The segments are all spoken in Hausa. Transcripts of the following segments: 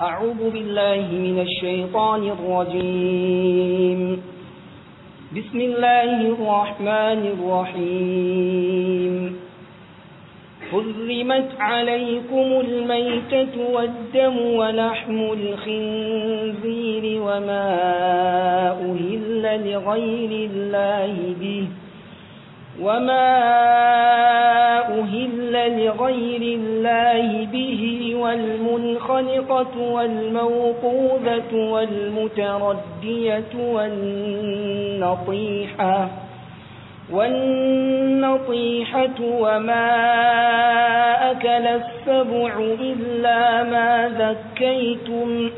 أعوذ بالله من الشيطان الرجيم بسم الله الرحمن الرحيم حرمت عليكم الميتة والدم ولحم الخنزير وما أهل لغير الله به وما أهل لغير الله به والمنخنقة والموقوذة والمتردية والنطيحة والنطيحة وما أكل السبع إلا ما ذكيتم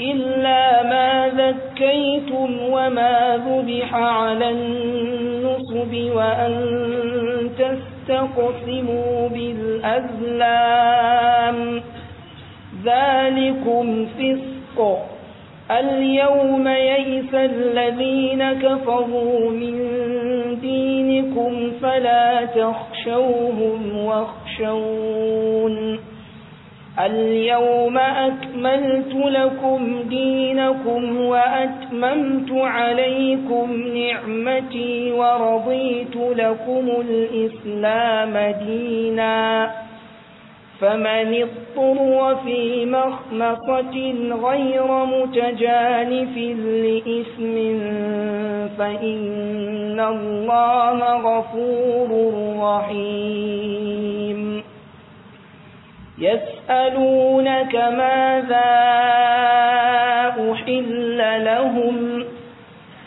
إلا ما ذكيتم وما ذبح على النار الكتب وَأَن تَسْتَقْسِمُوا بِالْأَزْلَامِ ذَلِكُمْ فِسْقٌ الْيَوْمَ يَئِسَ الَّذِينَ كَفَرُوا مِن دِينِكُمْ فَلَا تَخْشَوْهُمْ وَاخْشَوْنِ اليوم أكملت لكم دينكم وأتممت عليكم نعمتي ورضيت لكم الإسلام دينا فمن اضطر في مخمصة غير متجانف لإثم فإن الله غفور رحيم يسألونك ماذا أحل لهم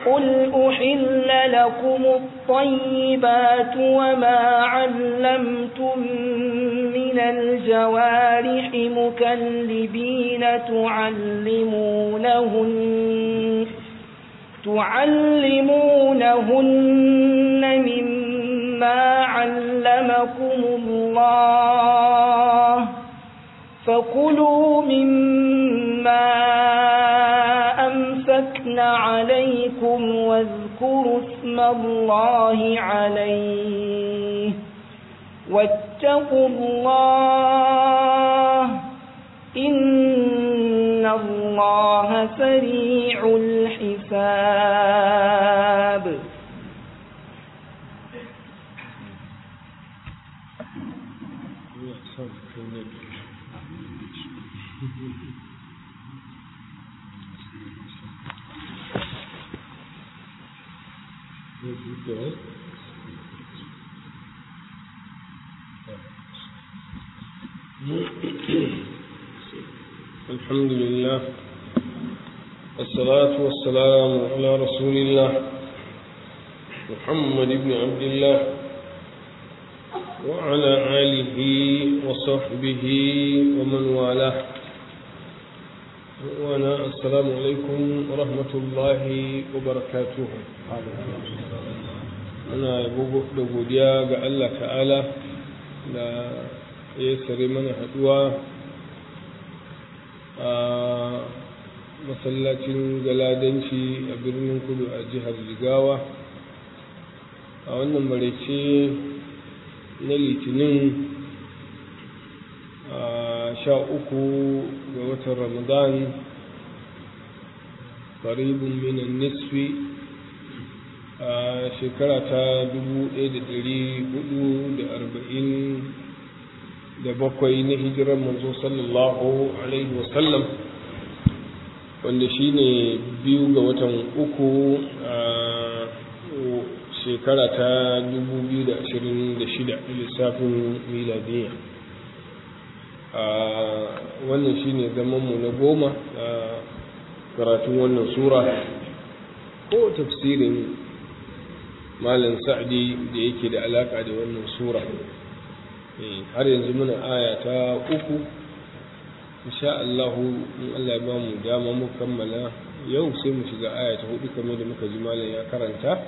قل أحل لكم الطيبات وما علمتم من الجوارح مكلبين تعلمونهن تعلمونهن مما علمكم الله فكلوا مما أمسكنا عليكم واذكروا اسم الله عليه واتقوا الله إن الله سريع الحساب الحمد لله الصلاة والسلام على رسول الله محمد بن عبد الله وعلى آله وصحبه ومن والاه وأنا السلام عليكم ورحمة الله وبركاته muna da godiya ga Allah ta'ala da ya sare mana haduwa a masallacin galadanci a birnin kudu a jihar jigawa a wannan maraice na litinin a sha uku ga watan ramadan faribin Minan Nisfi. a shekara ta 1447 na hijirar manzo sallallahu alaihi wasallam wanda shi ne biyu ga watan uku a shekara ta 2026 lissafin miladiyya wannan shi ne zamanmu na goma karatun wannan sura ko tafsirin malam sa'adi da yake da alaka da wannan sura eh, har yanzu muna aya ta uku insha Allah in Allah ya ba mu dama mu kammala yau sai mu shiga aya ta hudu kamar da muka ji malam ya karanta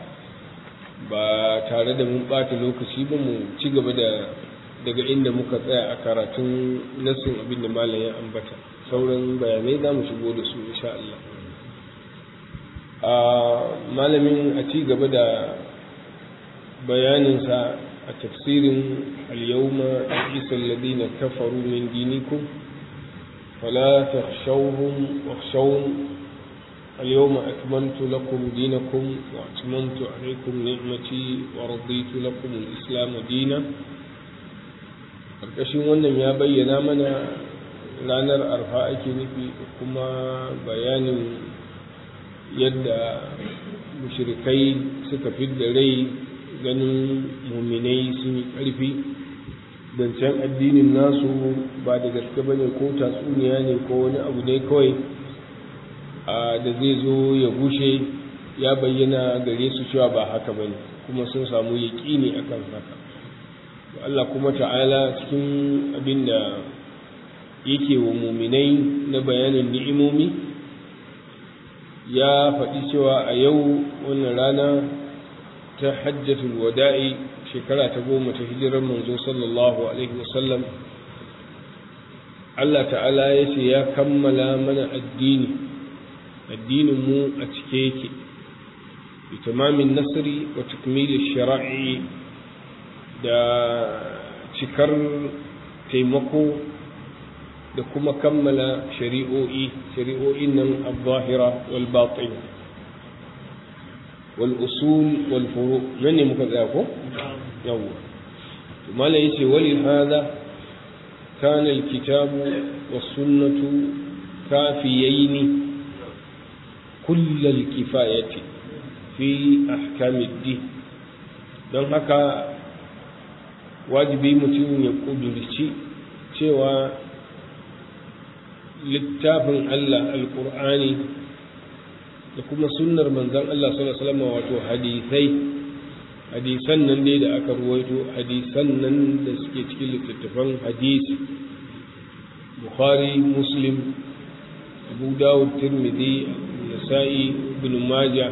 ba tare da mun bata lokaci ba mu ci gaba da daga inda muka tsaya a karatun nasin abin da malam ya ambata sauran bayanai za mu shigo da su insha Allah a ah, malamin a ci gaba da bayaninsa a tafsirin al-yawma ladina kafaru فلا تخشوهم اليوم لكم دينكم عليكم نعمتي ورضيت لكم الإسلام دينا ƙarƙashin wannan ya bayyana mana ranar arfa ake nufi kuma bayanin yadda mushrikai suka fidda rai ganin muminai sun yi ƙarfi can addinin nasu ba da gaske ba ne ko tatsuniya ne ko wani abu ne kawai da zai zo ya gushe ya bayyana gare su cewa ba haka ba ne kuma sun samu yaƙini a kan haka Allah kuma ta'ala cikin abin da yake wa muminai na bayanin ni'imomi ya faɗi cewa a yau wannan rana ta hajjatul wada'i shekara ta goma ta hijirar manzo sallallahu alaihi wasallam Allah ta'ala ya ce ya kammala mana addini addinin mu a cike yake bi tamamin nasri wa takmilin shara'i da cikar taimako da kuma kammala shari'o'i shari'o'in nan al-zahira wal batin والأصول والفروع من مكذاكو يوم ثم ليس ولهذا كان الكتاب والسنة كافيين كل الكفاية في أحكام الدين don هكا واجبي mutum ya kudurci سوى littafin الله القرآني da kuma sunnar manzan Allah sallallahu alaihi wasallam wato hadisai hadisan nan dai da aka ruwaito hadisan nan da suke cikin littattafan hadisi bukhari muslim abu dawud tirmidhi nasa'i ibn majah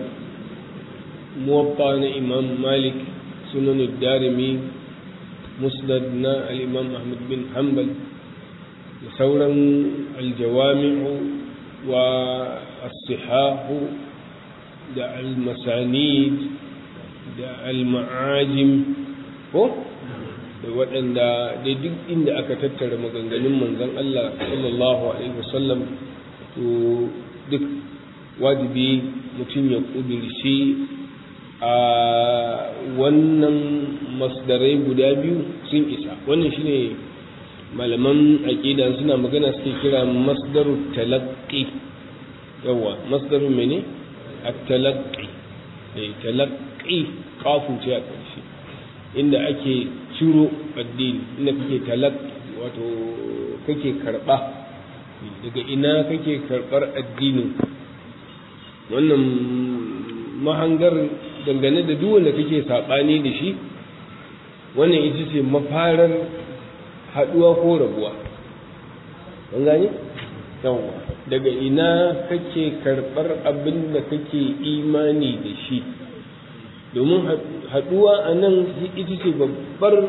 muwatta na imam malik sunan ad darimi musnad na al-imam ahmad bin hanbal da sauran Al-Jawami'u wa asihahu da almasanid da alma'ajim da waɗanda da duk inda aka tattara maganganun manzon Allah sallallahu alaihi wasallam to duk wajibi mutum ya ƙudurci a wannan masdarai guda biyu sun isa wannan shine malaman aƙida suna magana suke kira masdarut talaqqi yawa masdarin mene a talaqqi eh talaqqi kafu ce a ƙarshe inda ake ciro addini inda kake talaqqi wato kake karɓa daga ina kake karɓar addinin wannan mahangar dangane da duk wanda kake saɓani da shi wannan ita ce mafarar haɗuwa ko rabuwa an gane yawwa daga ina kake karɓar abin da kake imani da shi domin haɗuwa a nan ita ce babbar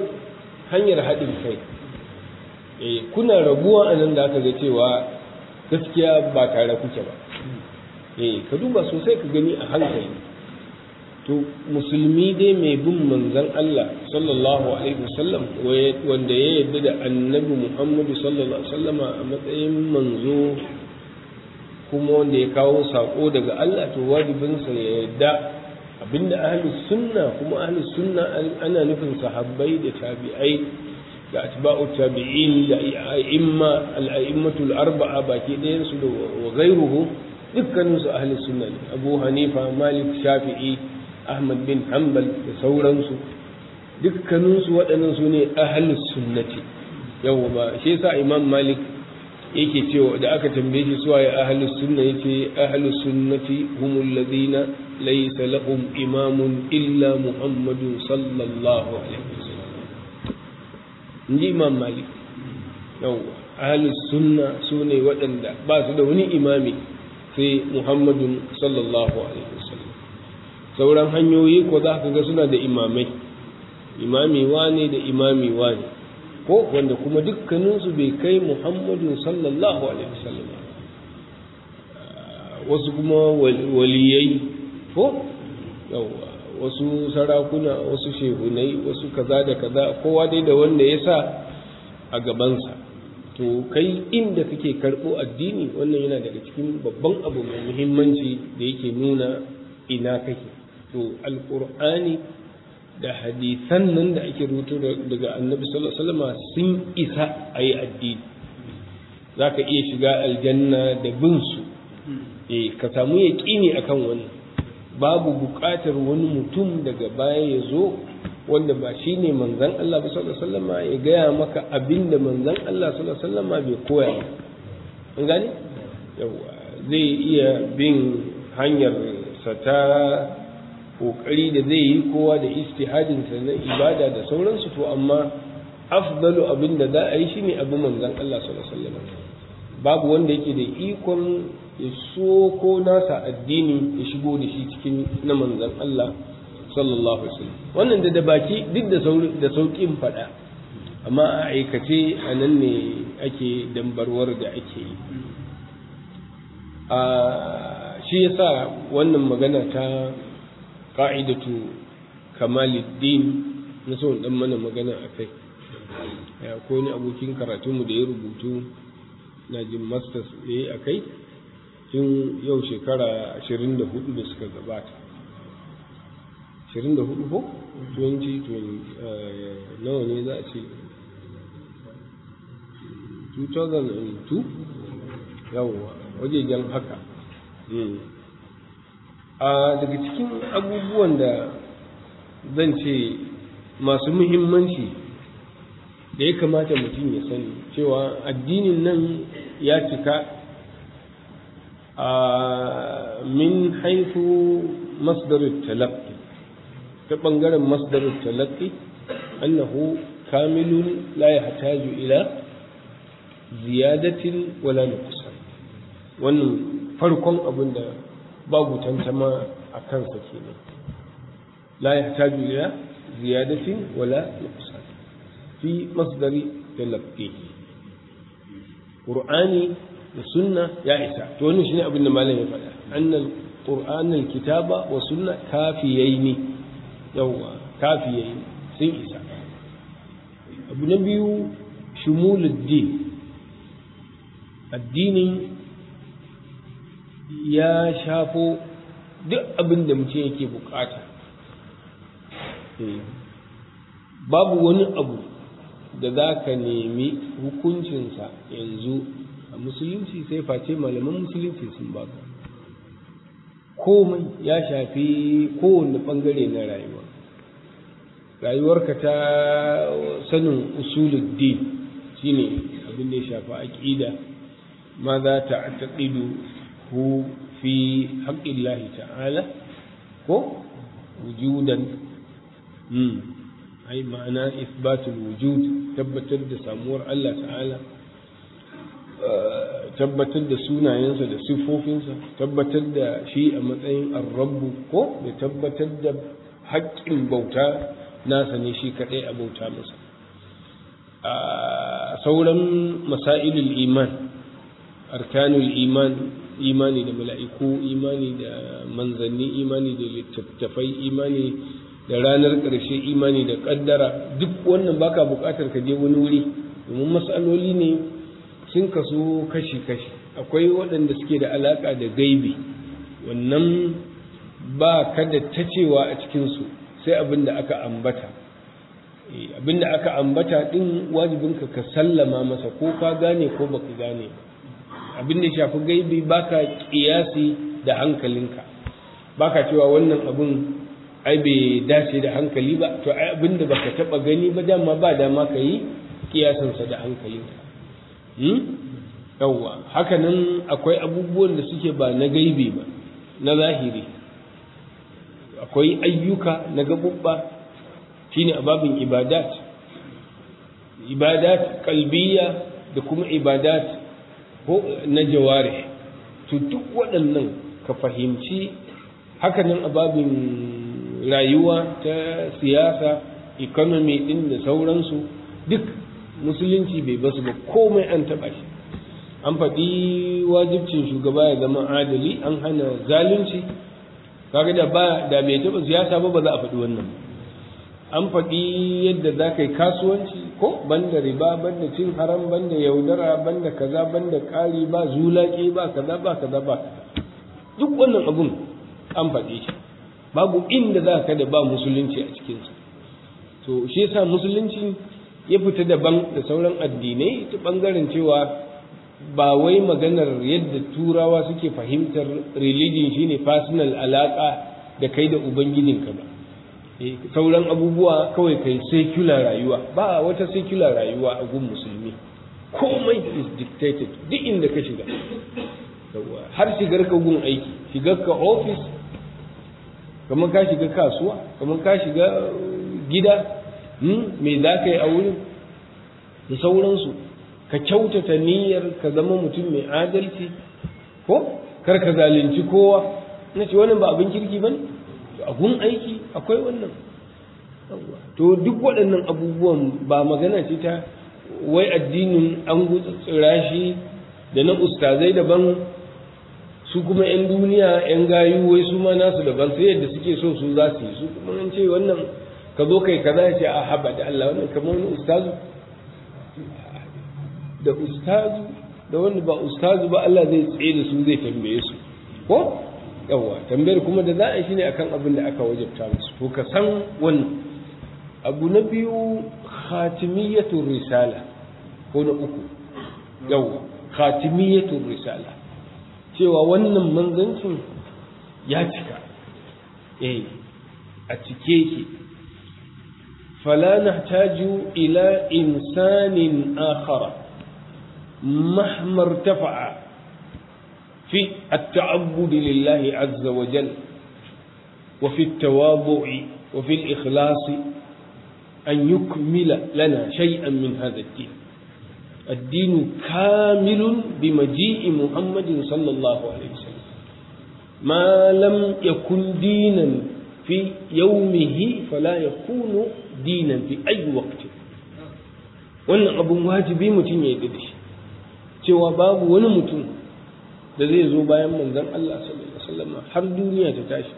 hanyar haɗin kai eh, kuna rabuwa a nan da aka ga cewa gaskiya ba tare kuke ba eh, ka duba sosai ka gani a hankali to musulmi dai mai bin manzan Allah sallallahu alaihi wasallam wanda ya yarda da annabi Muhammadu sallallahu alaihi wasallama a matsayin manzo kuma wanda ya kawo sako daga Allah to wajibinsa ya yadda abinda ahli sunna kuma ahli sunna ana nufin sahabbai da tabi'ai da atba'u tabi'in da a'imma al-a'immatu arbaa baki ɗayansu su da wa ghayruhu dukkanin su ahli sunna ne Abu Hanifa Malik Shafi'i Ahmad bin Hanbal da sauransu dukkanin su waɗannan su ne ahli sunnati yawa ba shi yasa Imam Malik yake cewa da aka tambaye shi suwa ya ahalus sunna yace ahalus sunnati humul ladina laysa lahum imamun illa muhammadun sallallahu alaihi wasallam inji imam malik yawa ahalus sunna sune waɗanda ba su da wani imami sai muhammadun sallallahu alaihi wasallam sauran hanyoyi ko za ka ga suna da imamai imami wane da imami wane ko wanda kuma dukkaninsu bai kai muhammadu sallallahu alaihi wasallam wasu kuma waliyai ko wasu sarakuna wasu shehunai wasu kaza da kaza kowa dai da wanda ya sa a gabansa to kai inda kake karɓo addini wannan yana daga cikin babban abu mai muhimmanci da yake nuna ina kake to alƙur'ani da hadisan nan da ake rubuto daga annabi sallallahu alaihi wasallam sun isa ayi addini za ka iya shiga aljanna da bin su eh ka samu yaƙini akan wannan babu buƙatar wani mutum daga baya ya zo wanda ba shi ne manzan Allah sallallahu alaihi wasallam ya gaya maka abinda da manzan Allah sallallahu alaihi wasallam bai koya ba an gane yawa zai iya bin hanyar sa kokari da zai yi kowa da istihadin sa na ibada da sauransu to amma afdalu abin da za a yi shine abin manzon Allah sallallahu alaihi wasallam babu wanda yake da ikon ya so ko nasa addini ya shigo da shi cikin na manzon Allah sallallahu alaihi wasallam wannan da da baki duk da da saukin fada amma a aikace a nan ne ake dambarwar da ake yi a shi yasa wannan magana ta ƙa'idatu kamaluddin na son ɗan mana magana a kai ko ni abokin karatunmu da ya rubutu na jin masters da ya a kai tun yau shekara ashirin da hudu da suka gabata ashirin da hudu ko 2020 eh, nawa ne za a ce 2002 yawon wajejen haka hmm. a daga cikin abubuwan da zan ce masu muhimmanci da ya kamata mutum ya sani cewa addinin nan ya cika a min haifu masdarar talakki ta ɓangaren masdarar talakki annahu kamilun la yahtaju ila ziyadatin wala kusa wannan farkon abin da babu tantama a kansa ke kenan la yahtaju ila ziyadatin wala nuqsan fi masdari talaqqihi qur'ani da sunna ya isa to wannan shine abin da malamin ya faɗa annal qur'an al kitaba wa sunna kafiyaini yawa kafiyaini sun isa abu na biyu shumulud din addinin ya shafo duk abin da mutum yake bukata eh, babu wani abu da za ka nemi hukuncinsa yanzu a musulunci sai face malaman musulunci sun baka komai ya shafi kowane ɓangare na rayuwa rayuwarka ta sanin usuluddin shine abin da ya shafi aƙida ma za ta taƙidu hu fi haqqillahi ta'ala ko wujudan hmm. ai ma'ana isbatul wujud tabbatar da samuwar Allah ta'ala eh, tabbatar da sunayensa da siffofinsa tabbatar da shi a matsayin ar-rabbu ko da tabbatar da haƙƙin bauta nasa ne shi kaɗai a bauta masa sauran masailul iman arkanul iman imani da mala'iku imani da manzanni imani da littattafai imani da ranar ƙarshe imani da ƙaddara duk wannan baka buƙatar ka je wani wuri domin matsaloli ne sun kasu kashi-kashi akwai waɗanda suke da alaƙa da gaibi wannan ba ka da ta cewa a cikinsu sai abin da aka ambata eh, abin da aka ambata ɗin wajibinka ka sallama masa ko ka gane ko baka gane ba abin da shafi gaibi baka kiyasi da hankalinka baka cewa wannan abun ai bai dace da hankali ba to ai abin da baka taba gani ba dama ba dama ka yi kiyasansa da hankalinka hmm? yawwa hakanan akwai abubuwan da suke ba na gaibi ba na zahiri akwai ayyuka na gabubba shine ababin ibadat ibadat kalbiya da kuma ibadat ko na jaware to duk waɗannan ka fahimci hakanan ababin rayuwa ta siyasa economy ɗin da sauransu duk musulunci bai basu ba komai an taɓa shi an faɗi wajibcin shugaba ya zama adali an hana zalunci kaga da ba da bai taɓa siyasa ba ba za a faɗi wannan ba an faɗi yadda za ka yi kasuwanci ko banda riba banda cin haram banda yaudara banda kaza banda ƙari ba zulaƙi ba kaza ba kaza ba duk wannan abun an faɗi shi babu inda za ka da ba musulunci a cikinsu. to shi yasa musulunci ya fita daban da sauran addinai ta ɓangaren cewa ba wai maganar yadda turawa suke fahimtar religion shine personal alaƙa da kai da ubangijinka ba Eh, sauran abubuwa kawai kai secular rayuwa ba wata secular rayuwa a gun musulmi komai is dictated duk inda ka shiga har shigar ka gun aiki shigar ka office kamar ka shiga kasuwa kamar ka shiga gida hmm, me za ka yi a wurin da sauransu ka kyautata niyyar ka zama mutum mai adalci ko kar ka zalunci kowa na ce wani ba abin kirki ba ne a gun aiki akwai wannan to duk waɗannan abubuwan ba magana ce ta wai addinin an gutsura shi da na ustazai daban su kuma 'yan duniya 'yan gayu wai su ma nasu daban sai yadda suke so su za su yi su kuma an ce wannan ka zo kai kaza ya ce a ah, haba da Allah wannan kamar wani ustazu da ustazu da wani ba ustazu ba Allah zai tsaye da su zai tambaye su ko yawa tambayar kuma da za a shi ne a kan abin da aka wajabta musu to ka san wannan abu na biyu Khatimiyyatun risala ko na uku yawa Khatimiyyatun risala cewa wannan manzancin ya cika eh a cike yake fala nahtaju ila insanin akhara mahmar tafa'a في التعبد لله عز وجل وفي التواضع وفي الإخلاص أن يكمل لنا شيئا من هذا الدين الدين كامل بمجيء محمد صلى الله عليه وسلم ما لم يكن دينا في يومه فلا يكون دينا في أي وقت وأن أبو wajibi mutum ya سوى باب shi da zai zo bayan manzon Allah sallallahu alaihi wasallam har duniya ta tashi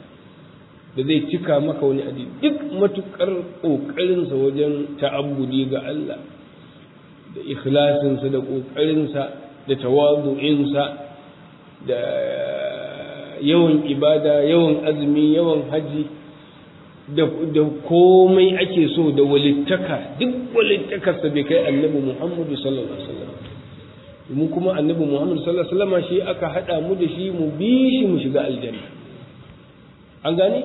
da zai cika maka wani addini duk matukar kokarin sa wajen ta'abbudi ga Allah da ikhlasin sa da kokarin sa da tawadu'in sa da yawan ibada yawan azumi yawan haji da komai ake so da walittaka duk walittakarsa bai kai annabi Muhammadu sallallahu alaihi wasallam mu kuma annabi Muhammad sallallahu alaihi wasallam shi aka hada mu da shi mu bi shi mu shiga aljanna an gane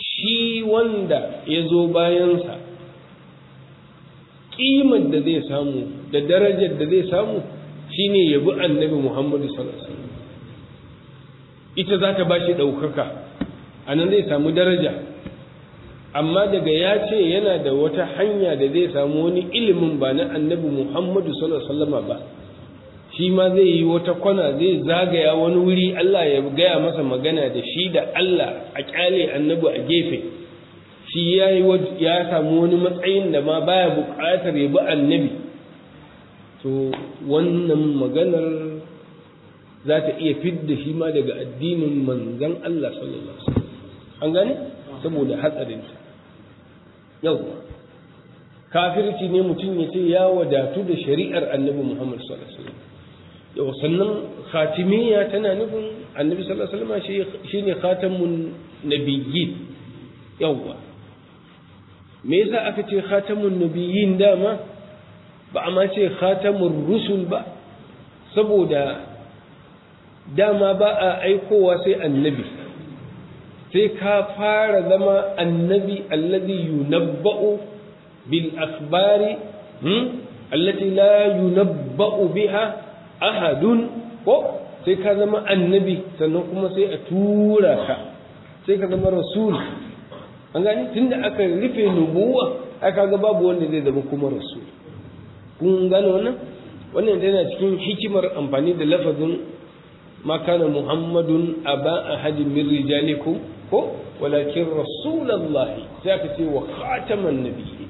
shi wanda ya zo bayansa kimar da zai samu da darajar da zai samu shine ya bi annabi Muhammad sallallahu alaihi wasallam ita za ta bashi ɗaukaka a nan zai samu daraja amma daga ya ce yana da wata hanya da zai samu wani ilimin ba na annabi muhammadu Sallama ba shi ma zai yi wata kwana zai zagaya wani wuri allah ya gaya masa magana da shi da allah a kyale annabi a gefe shi ya yi samu wani matsayin da ma baya buƙatar ya bi annabi to wannan maganar za ta iya fidda shi ma daga addinin manzan allah sallallahu alaihi an gane saboda hatsarinta yau kafirci ne mutum ya ce ya wadatu da shari'ar annabi muhammad sallallahu alaihi wasallam yau sannan khatimiyya tana nufin annabi sallallahu alaihi wasallam shine khatamun nabiyyin yawwa me yasa aka ce khatamun nabiyyin dama ba a ma ce khatamun rusul ba saboda dama ba a aikowa sai annabi sai ka fara zama annabi allazi yunabba'u bil akhbari hmm? allati la yunabba'u biha ahadun ko sai ka zama annabi sannan kuma sai a tura ka sai ka zama rasul an gani tunda aka rufe nubuwa aka ga babu wanda zai zama kuma rasul kun gano wannan wannan yana cikin hikimar amfani da lafazin ma kana muhammadun aba ahadin min rijalikum ko walakin rasulallahi sai aka ce wa khataman nabiyyi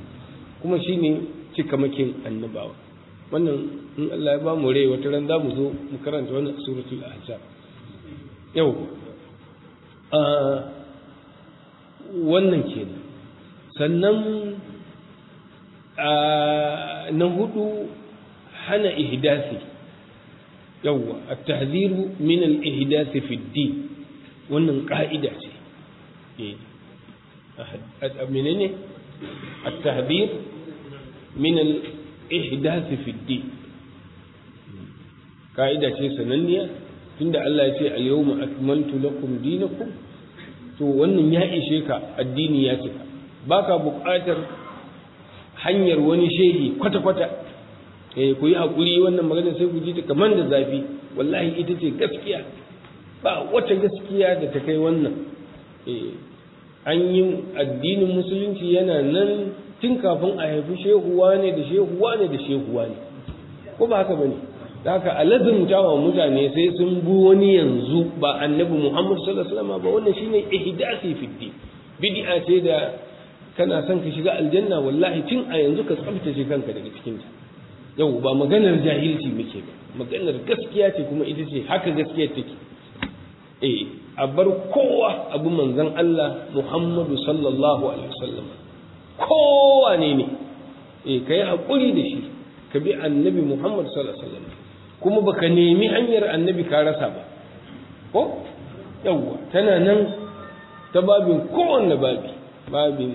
kuma shine cikamakin annabawa wannan in Allah ya ba mu rai wata ran za mu zo mu karanta wannan suratul ahzab yau a wannan kenan sannan na hudu hana ihdasi yawwa at-tahziru min al-ihdasi fi din wannan ka'ida ce menene a tahdhir minan al-ihdath kaida ce sananniya tunda Allah ya ce al-yawma akmaltu lakum dinakum to wannan ya ishe ka addini ya cika baka buƙatar hanyar wani shehi kwata-kwata eh ku yi hakuri wannan magana sai ku ji ta kamar da zafi wallahi ita ce gaskiya ba wata gaskiya da ta kai wannan Eh, an yi addinin musulunci yana nan tun kafin a haifi shehuwa ne da shehuwa ne da shehuwa ne ko ba haka bane da haka alazumta wa mutane sai sun bi wani yanzu ba annabi Muhammad sallallahu alaihi wasallam ba wannan shine ihdasi fiddi bid'a ce da kana son ka shiga aljanna wallahi tun a yanzu ka tsaftace kanka daga cikin ta yau ba maganar jahilci muke ba maganar gaskiya ce kuma ita ce haka gaskiya take eh a bar kowa abu manzan Allah Muhammadu sallallahu alaihi wasallam kowa ne ne eh, ka yi haƙuri da shi ka bi annabi Muhammadu sallallahu alaihi wasallam kuma baka nemi hanyar annabi ka rasa ba ko yawwa tana nan ta babin kowanne babi babin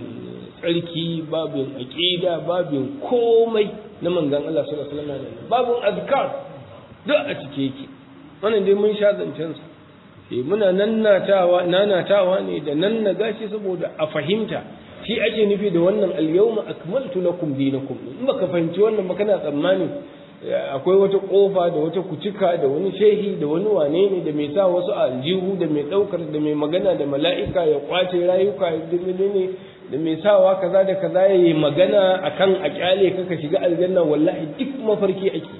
tsarki babin aƙida, babin komai na manzan Allah sallallahu alaihi wasallam babin azkar duk a cike yake wannan dai mun sha zancen sa e muna nannatawa nanatawa ne da nan na gashi saboda a fahimta shi ake nufi da wannan alyawma akmaltu lakum dinakum in baka fahimci wannan ba kana tsammani eh, akwai wata kofa da wata kucika da wani shehi da wani wane ne da mai sa wasu aljihu da mai daukar da mai magana da mala'ika ya kwace rayuka da ne da mai sawa kaza da kaza ya yi magana akan a kyale ka shiga aljanna wallahi duk mafarki ake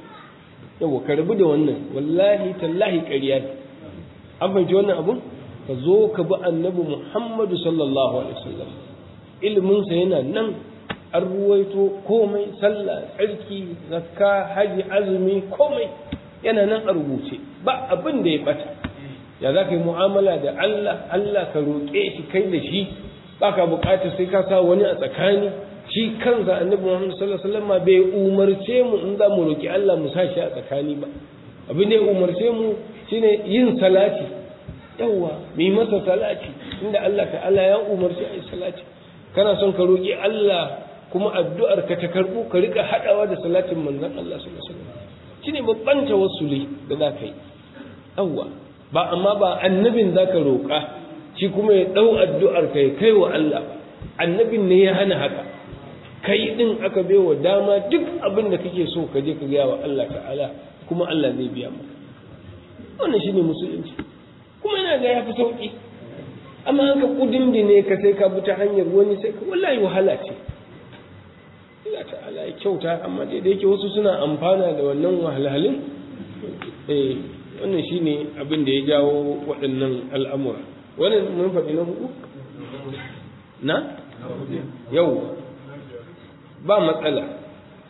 yawa ka rabu da wannan wallahi tallahi ƙarya ne an fahimci wannan abun ka zo ka bi annabi muhammadu sallallahu alaihi wasallam iliminsa yana nan an ruwaito komai sallah tsarki zakka haji azumi komai yana nan a rubuce ba abin da ya bata ya za ka yi mu'amala da Allah Allah ka roƙe shi kai da shi ba ka buƙatar sai ka sa wani a tsakani shi kansa annabi Muhammadu sallallahu alaihi wasallam bai umarce mu in za mu roƙi Allah mu sa shi a tsakani ba abin da ya umarce mu shine yin salati yawa mai masa salati inda Allah ta'ala ya umarci a yi salati kana son ka roƙi Allah kuma addu'ar ka ta karɓo ka riƙa haɗawa da salatin manzan Allah sallallahu alaihi wasallam shine babban tawassuli da za ka yi yawa ba amma ba annabin za ka roƙa shi kuma ya ɗau addu'ar ka ya kai wa Allah annabin ne ya hana haka kai ɗin aka baiwa dama duk abin da kake so ka je ka gaya wa Allah ta'ala kuma Allah zai biya maka wannan shi ne musulunci kuma yana ga ya fi sauƙi amma an ka da ne ka sai ka bi ta hanyar wani sai ka wallahi wahala ce Allah ta'ala ya kyauta amma dai da yake wasu suna amfana da wannan wahalhalin eh wannan ne abin da ya jawo waɗannan al'amura wannan mun faɗi na hudu na yau ba matsala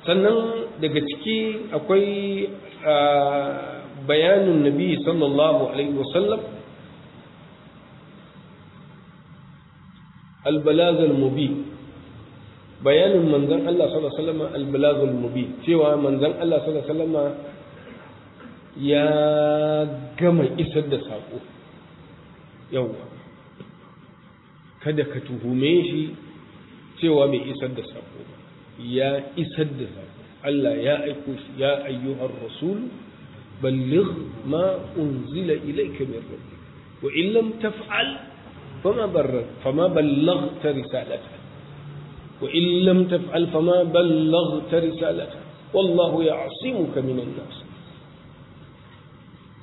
sannan daga ciki akwai ah, bayanin nabi sallallahu alaihi wasallam albalazal mubi bayanin manzan Allah sallallahu alaihi wasallam albalazal mubi cewa manzan Allah sallallahu alaihi ya gama isar da sako yawa kada ka tuhume shi cewa mai isar da sako ya isar da sako Allah ya aiko ya ayyuhar rasul بلغ ما أنزل إليك من ربك وإن لم تفعل فما برد فما بلغت رسالته وإن لم تفعل فما بلغت رسالته والله يعصمك من الناس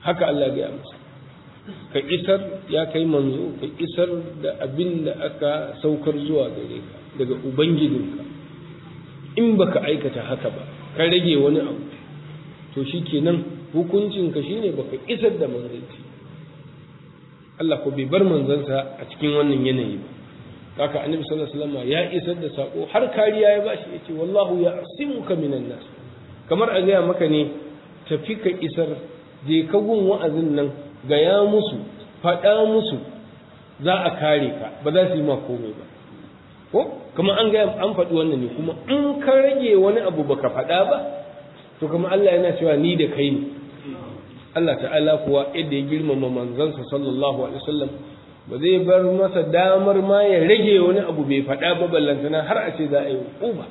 هكا الله جامس كإسر يا كي منزو كإسر دا أبن دا أكا سوكر زوا دليك دا أبنجي دلك إن بك أيكة هكا با كرجي ونعم توشيكي نمت Hukuncin hukuncinka shine baka isar da manzanci Allah ko bai bar manzansa a cikin wannan yanayi ba kaka annabi sallallahu alaihi wasallam ya isar da sako har kariya ya bashi yace wallahu ya asimuka minan nas kamar a gaya maka ne tafi ka isar je ka gun wa'azin nan gaya musu faɗa musu za a kare ka ba za su yi ma komai ba ko kuma an gaya an faɗi wannan ne kuma in ka rage wani abu baka faɗa ba to kuma Allah yana cewa ni da kai ne Allah ta'ala kuwa yadda ya girmama manzansa sallallahu alaihi wasallam ba zai bar masa damar ma ya rage wani abu bai faɗa ba ballantana har a ce za a yi uba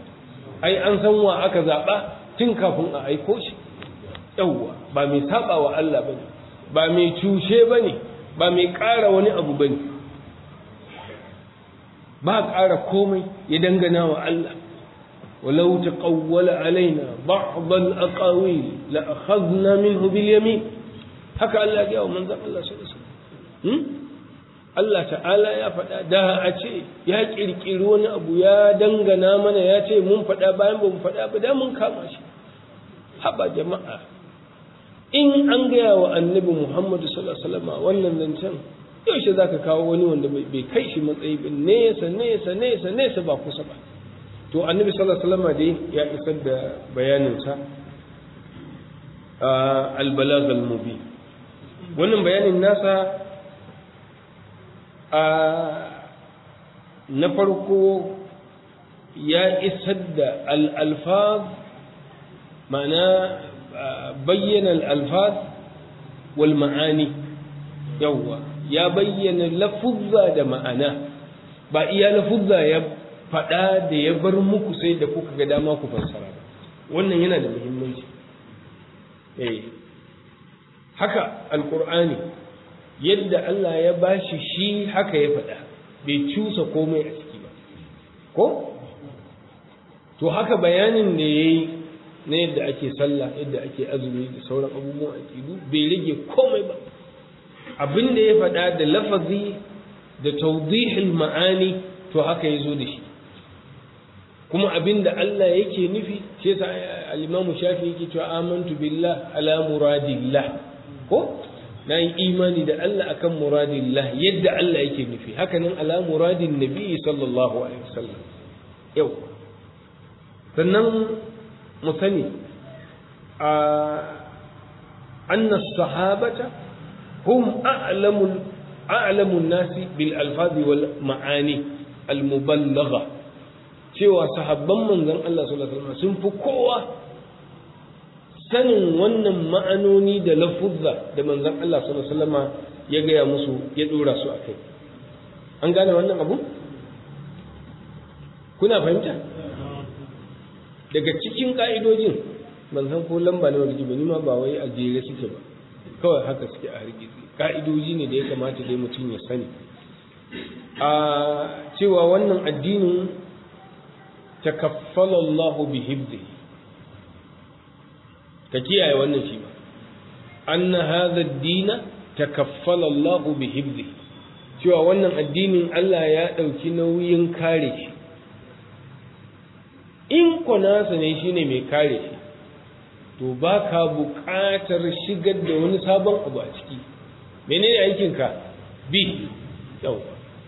ai an san wa aka zaɓa tun kafin a aiko shi yawwa ba mai saba wa Allah ba ne ba mai cushe ba ne ba mai ƙara wani abu ba ne ba ƙara komai ya dangana wa Allah ولو تقول علينا بعض الأقاويل لأخذنا منه باليمين هكا الله جاء من ذا الله صلى الله عليه وسلم Allah ta'ala ya faɗa da a ce ya ƙirƙiri wani abu ya dangana mana ya ce mun faɗa bayan ba mu faɗa ba da mun kama shi haba jama'a in an gaya wa annabi Muhammadu sallallahu wannan zancen yaushe zaka kawo wani wanda bai kai shi matsayi ba nesa nesa nesa nesa ba kusa ba to annabi sallallahu alaihi wasallam dai ya isar da bayaninsa a ah, albalagh almubin wannan bayanin nasa a ah, na farko ya isar da al'alfaz ma'ana ah, bayyana al'alfaz wal ma'ani yawwa ya bayyana lafuzza da ma'ana ba iya lafuzza ya faɗa da ya bar muku sai da kuka ga dama ku fassara wannan yana da muhimmanci eh haka alqur'ani yadda Allah ya bashi shi haka ya faɗa bai cusa komai a ciki ba ko to haka bayanin da yayi na yadda ake sallah yadda ake azumi da sauran abubuwan aqidu bai rage komai ba abin da ya faɗa da lafazi da tawdihul ma'ani to haka ya zo da shi kuma abinda Allah yake nufi shi yasa al-Imam Shafi yake cewa amantu billah ala muradillah ko na yi imani da Allah akan muradillah yadda Allah yake nufi haka nan ala muradin nabi sallallahu alaihi wasallam yau sannan mu sani anna sahabata hum a'lamu a'lamu an-nasi bil alfazi wal ma'ani al-mubalagha cewa sahabban manzon Allah sallallahu alaihi wasallam sun fi kowa sanin wannan ma'anoni da lafuzza da manzon Allah sallallahu alaihi wasallama ya gaya musu ya dora su akai an gane wannan abu kuna fahimta daga cikin ka'idojin ban ko lamba na wani ba nima ma ba wai a jere suke ba kawai haka suke a hargitsi ka'idoji ne da ya kamata dai mutum ya sani a cewa wannan addinin takaffalallahu Allah bi hibdi ka kiyaye wannan shi ba anna hadha ad-dina takaffalallahu Allah bi hibdi cewa wannan addinin Allah ya dauki nauyin kare shi in kunasa ne shine mai kare shi to ba ka buƙatar shigar da wani sabon abu a ciki menene aikinka bi yau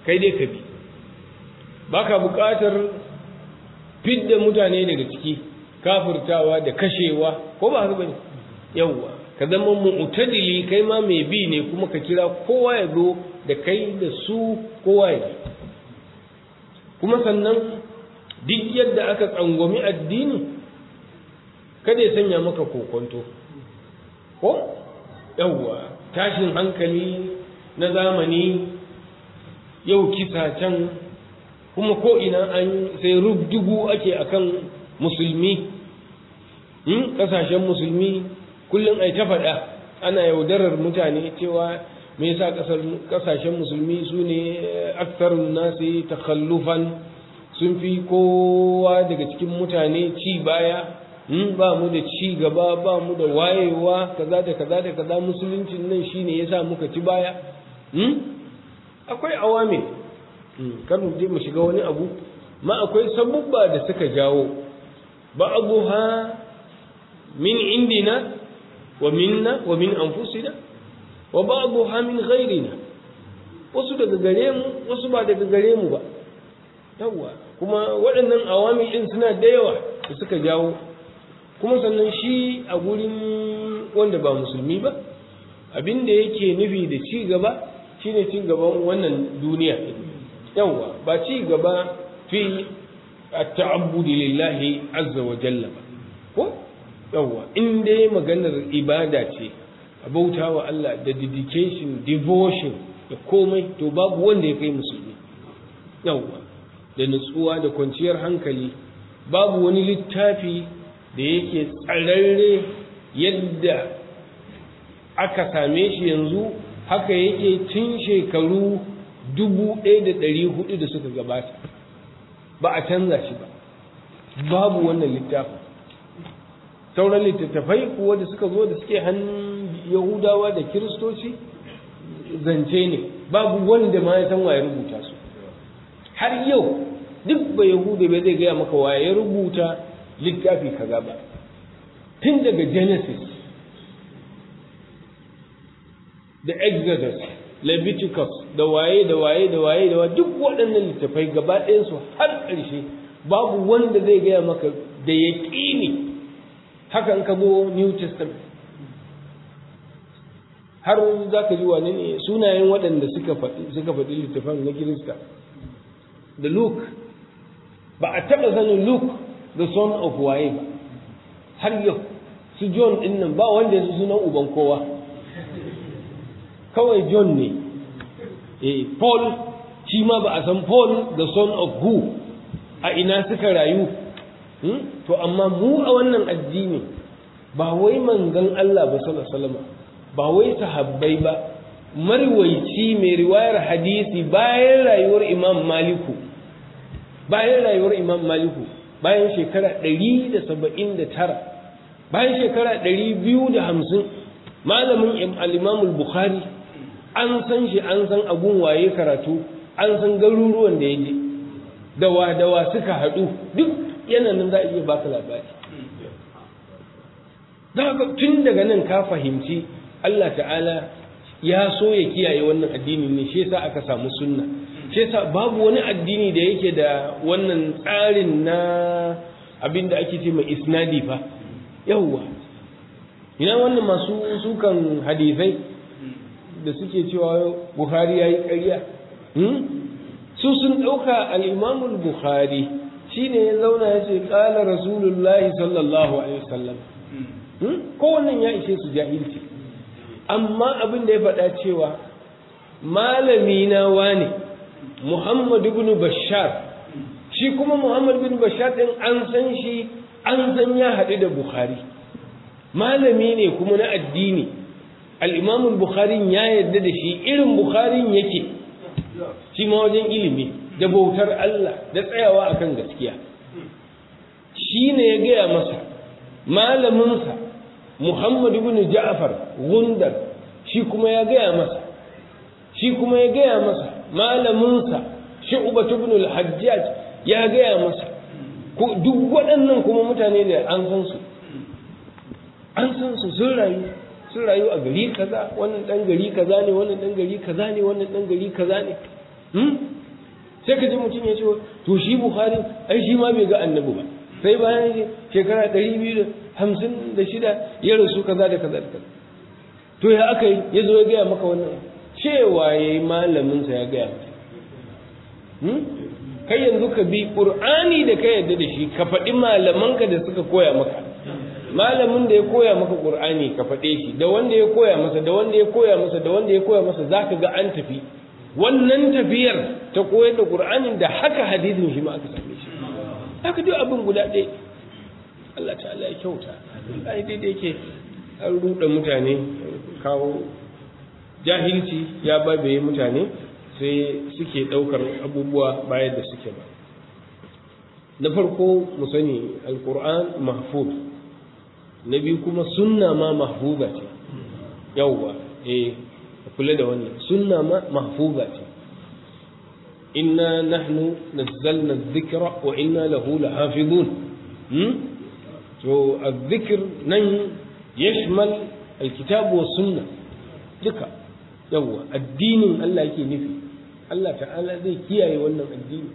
kai dai ka bi ba ka buƙatar fidda mutane daga ciki kafurtawa da kashewa ko ba haka bane yawwa ka zama mu'tadili kai ma mai bi ne kuma ka kira kowa ya zo da kai da su kowa ya kuma sannan duk yadda aka tsangwami addini kada ya sanya maka kokonto ko yawwa tashin hankali na zamani yau kisa can kuma ko ina an sai rubdugu ake akan musulmi hmm, kasashen musulmi kullum ai ta faɗa ana yaudarar mutane cewa me yasa kasashen musulmi su ne eh, aksarun nasi takhallufan sun fi kowa daga cikin mutane ci baya hmm, ba mu da ci gaba ba mu da wayewa kaza da kaza da kaza musuluncin nan shine yasa muka ci baya hmm. akwai awami kar mu je mu shiga wani abu ma akwai sabubba da suka jawo ba'abuha min indina wa minna wa min anfusina wa ba'abuha min ghairina wasu daga gare mu wasu ba daga gare mu ba yawwa kuma waɗannan awami ɗin suna da yawa da suka jawo kuma sannan shi a gurin wanda ba musulmi ba abinda yake nufi da ci gaba shine ci gaban wannan duniya yawa ba ci gaba fi at-ta'abbudi lillahi azza wa jalla ba ko yawa in dai maganar ibada ce a bauta wa Allah da dedication devotion da komai to babu wanda ya kai musulmi yawa da nutsuwa da kwanciyar hankali babu wani littafi da yake tsararre yadda aka same shi yanzu haka yake tun shekaru dubu ɗaya da ɗari hudu da suka gabata ba a canza shi ba babu wannan littafin sauran littattafai kuwa da suka zo da suke hannun yahudawa da kiristoci zance ne babu wanda ma ya san waye rubuta su har yau duk ba yahuda bai zai gaya maka waye rubuta littafi kaza ba tun daga genesis da exodus leviticus da waye da waye da waye da waye duk waɗannan littafai gaba ɗayansu har ƙarshe babu wanda zai gaya maka da ya ƙini haka in ka zo new testament har za ka ji wani ne sunayen waɗanda suka faɗi suka faɗi littafan na kirista da luke ba a taɓa sanin luke the son of waye ba har yau su john ɗin nan ba wanda ya sunan uban kowa kawai john ne eh paul shi ma ba a san paul the son of who a ina suka rayu hmm? to amma mu a wannan addini ba wai mangan Allah ba sallallahu ba wai sahabbai ba marwaici mai riwayar hadisi bayan rayuwar imam maliku bayan rayuwar imam maliku bayan shekara 179 bayan shekara 250 malamin al-imam al-bukhari an san shi an san abun waye karatu an san garuruwan da ya je dawa dawa suka haɗu duk yanayin za a iya baka labari tun daga nan ka fahimci Allah ta'ala ya so ya kiyaye wannan addini ne shi yasa aka samu sunna shi yasa babu wani addini da yake da wannan tsarin na abin da ake ce mai isnadi fa yawwa ina wannan masu sukan hadisai da suke cewa bukhari ya yi ƙarya hmm? su sun ɗauka al'imamul bukhari shi ne ya zauna ya ce ƙala rasulullahi sallallahu alaihi wasallam hmm? kowannan ya ishe su jahilci amma abin da ya faɗa cewa malami na wane muhammad ibn bashar shi kuma muhammad ibn bashar ɗin an san shi an san ya haɗu da bukhari malami ne kuma na addini al'imamun bukharin ya yadda da shi irin bukharin yake shi ma wajen ilimi da bautar Allah da tsayawa a kan gaskiya shi ne ya gaya masa malaminsa muhammadu bin ja'afar gundar shi kuma ya gaya masa shi kuma ya gaya masa malaminsa shi'ubatu bin ya gaya masa duk waɗannan kuma mutane ne an san su an san su sun rayu sun rayu a gari kaza wannan dan gari kaza ne wannan dan gari kaza ne wannan dan gari kaza ne hmm sai ka ji mutum ya ce to shi bukhari ai shi ma bai ga annabi ba sai bayan shekara ɗari biyu da hamsin da shida ya rasu kaza da kaza da kaza to ya aka yi ya zo ya gaya maka wannan cewa ya yi malaminsa ya gaya maka hmm? kai yanzu ka bi ƙur'ani da ka yarda da shi ka faɗi malamanka da suka koya maka malamin da ya koya maka qur'ani ka faɗe shi da wanda ya koya masa da wanda ya koya masa da wanda ya koya masa zaka ga an tafi wannan tafiyar ta koyar da qur'anin da haka hadisin shi ma aka same shi haka duk abin guda ɗaya Allah ta'ala ya kyauta ai daidai yake an ruɗa mutane kawo jahilci ya babaye mutane sai suke ɗaukar abubuwa bayan da suke ba na farko mu sani alkur'an na biyu kuma sunna ma mahbuba ce yawwa eh kula da wannan sunna ma mahbuba ce inna nahnu nazzalna dhikra wa inna lahu lahafizun hmm to adh-dhikr nan yashmal al-kitab wa sunna duka yawwa addinin Allah yake nufi Allah ta'ala zai kiyaye wannan addini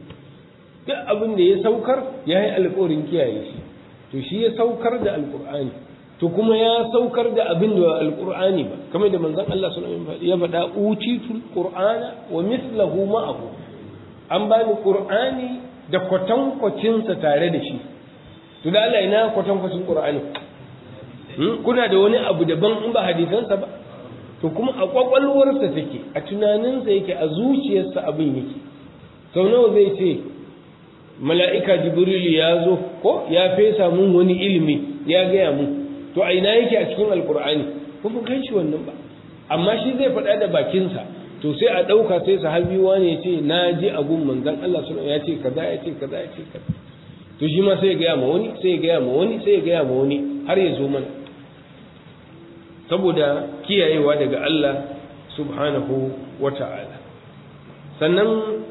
duk abin da ya saukar ya yi alƙawarin kiyaye shi to shi ya saukar da alkur'ani to kuma ya saukar da abin da alkur'ani ba kamar da manzon Allah sallallahu alaihi wasallam ya faɗa utitul qur'ana wa mithluhu ma'ahu an bani qur'ani da kwacin sa tare da shi to da Allah ina kwatankwacin qur'ani hmm? kuna da wani abu daban in ba sa ba to kuma a kwakwalwarsa take a tunaninsa yake a zuciyarsa abin yake sau nawa zai ce mala'ika jibrilu ya zo ko ya fesa mun wani ilimi ya gaya mu to a ina yake a cikin alkur'ani ba ku shi wannan ba amma shi zai faɗa da bakinsa to sai a ɗauka sai halbi wani ya ce na ji a gun manzan Allah suna ya ce kaza ya ce kaza ya ce kaza to shi ma sai ya gaya ma wani sai ya gaya ma wani sai ya gaya ma wani har ya zo mana saboda kiyayewa daga Allah subhanahu wa ta'ala sannan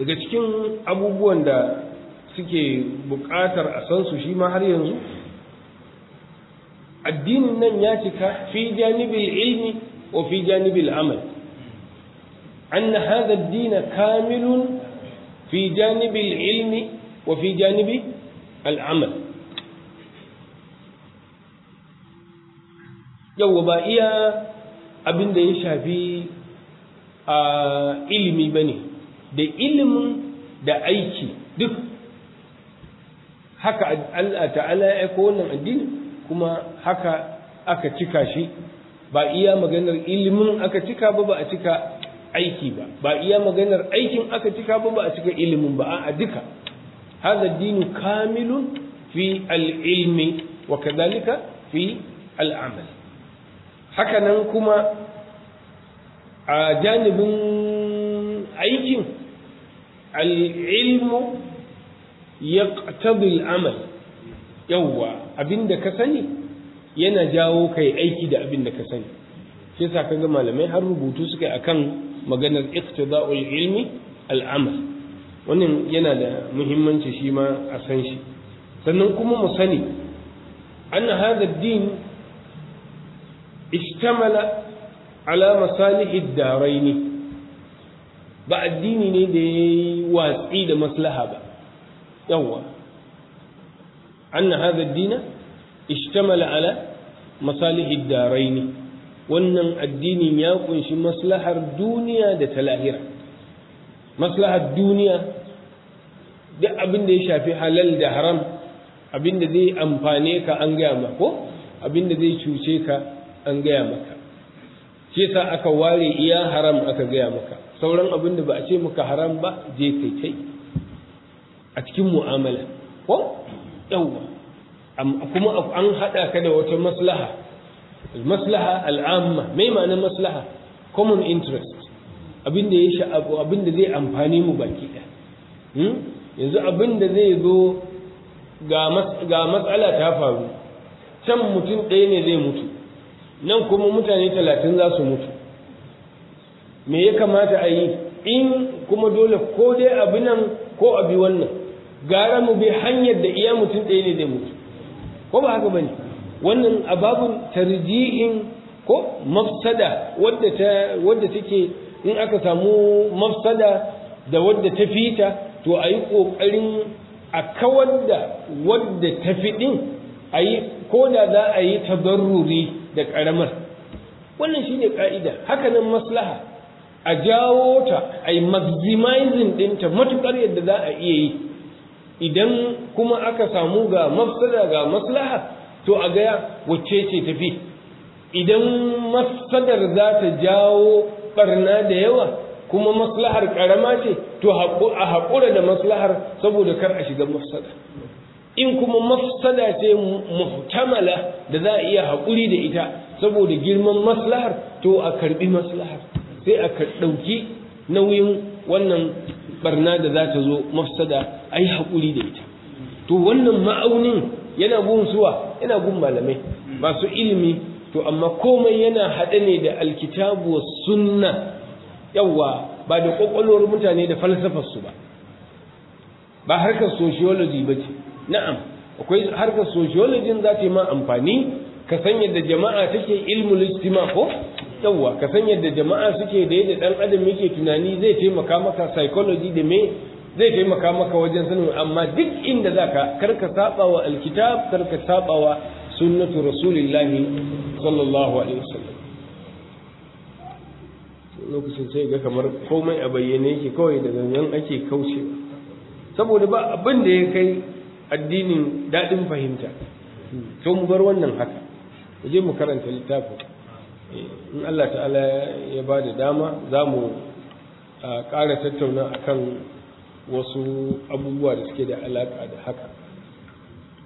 daga cikin abubuwan da suke buƙatar a san su shi ma har yanzu addinin nan ya cika fi janibil ilmi wa fi janibil amal anna hadha ad-din kamilun ilmi wa fi janibi al-amal yau ba iya abin da ya shafi a ilimi ba ne da ilimin da aiki duk haka Allah ta'ala ya aiko wannan addini kuma haka aka cika shi ba iya maganar ilimin aka cika ba ba a cika aiki ba ba iya maganar aikin aka cika ba ba a cika ilimin ba a duka hada dinu kamilun fi al-ilmi wa kadhalika fi al-amal haka nan kuma a janibin aikin al'ilmu ya ƙatabil amal yawwa abinda ka sani yana jawo kai aiki da abinda ka sani shi ka ga malamai har rubutu suka yi akan maganar iqtida'ul ilmi al'amal wannan yana da muhimmanci shi ma a san shi sannan kuma mu sani An hadha ad-din ishtamala ala masalihid daraini ba addini ne da ya yi watsi da maslaha ba yawwa anna hadha ad-dina ishtamala ala masalihi ad-daraini wannan addinin ya kunshi maslahar duniya da ta lahira maslahar duniya duk abin da ya shafi halal da haram abin da zai amfane ka an gaya maka ko abin da zai cuce ka an gaya maka shi sa aka ware iya haram aka gaya maka sauran abin da ba a ce maka haram ba je kai kai a cikin mu'amala ko yawwa kuma an haɗa ka da wata maslaha maslaha al'amma mai ma'anar maslaha common interest abin da ya sha'abu abin da zai amfani mu baki ɗaya hmm? yanzu abin da zai zo ga matsala ta faru can mutum ɗaya ne zai mutu nan kuma mutane talatin za su mutu me ya kamata a yi in kuma dole ko dai abi nan ko abi wannan gara mu bi hanyar da iya mutum ɗaya ne zai mutu ko ba haka bane wannan ababun tarji'in ko mafsada wadda ta wadda take in aka samu mafsada da wadda ta fita to a yi ƙoƙarin a kawar da wadda ta fi ɗin a ko da za a yi tabarruri da ƙaramar wannan shine Haka nan maslaha a jawo ta ai mazimazin maximizing ɗinta matuƙar yadda za a iya yi idan kuma aka samu ga mafsada ga maslaha to a gaya wacce ce tafi idan mafsadar za ta jawo ɓarna da yawa kuma maslahar ƙarama ce to a haƙura da maslahar saboda kar a shiga mafsada in kuma mafsada ce muhtamala da za a iya haƙuri da ita saboda girman maslahar to a karbi maslahar sai a ɗauki nauyin wannan barna da za ta zo mafsada a yi haƙuri da ita to wannan ma'aunin yana gun suwa yana gun malamai masu ilimi to amma komai yana haɗe ne da alkitabu sunna yawa ba da ƙwaƙwalwar mutane da falsafarsu ba ba harkar sociology ba ce na'am akwai harkar sociology za ta yi ma amfani ka san yadda jama'a take ilmul ijtima ko yawa ka san yadda jama'a suke da yadda dan adam yake tunani zai taimaka maka psychology da me zai taimaka maka wajen sanin amma duk inda zaka karka saba wa alkitab karka saba wa sunnatu rasulillahi sallallahu alaihi wasallam lokacin sai ga kamar komai a bayyane yake kawai da nan ake kaushe saboda ba abin da ya kai addinin daɗin fahimta to mu bar wannan haka mu je mu karanta littafin eh, in Allah ta'ala ya ba da dama za mu ƙara tattauna akan wasu abubuwa da suke da alaƙa da haka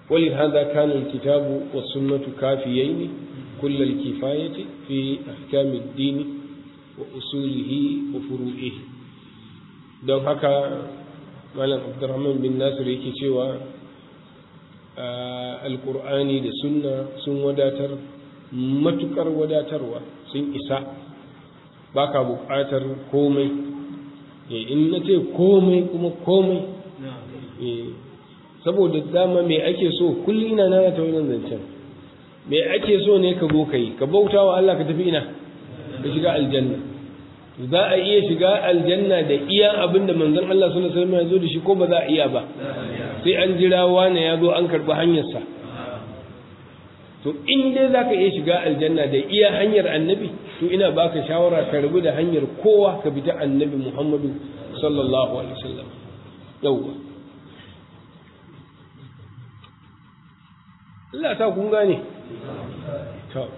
wali hada kana kitabu wa sunnatu ne, kullal kifayati fi ahkamid ad-din wa usulihi wa furu'ihi don haka malam abdurrahman bin nasir yake cewa alkur'ani da sunna sun wadatar matukar wadatarwa sun isa ba ka bukatar komai eh, in na ce komai kuma komai eh, saboda dama me ake so kulli ina na ta wani zancen me ake so ne ka zo ka yi ka bauta wa Allah ka tafi ina ka shiga aljanna za a iya shiga aljanna da iya abinda manzon Allah sallallahu alaihi wasallam ya zo da shi ko ba za a iya ba sai an jira wane ya zo an karɓi hanyarsa to in dai za ka iya shiga aljanna da iya hanyar annabi to ina baka shawara ka rabu da hanyar kowa ka bi ta annabi muhammadu sallallahu alaihi wasallam yawwa Allah ta kun gane to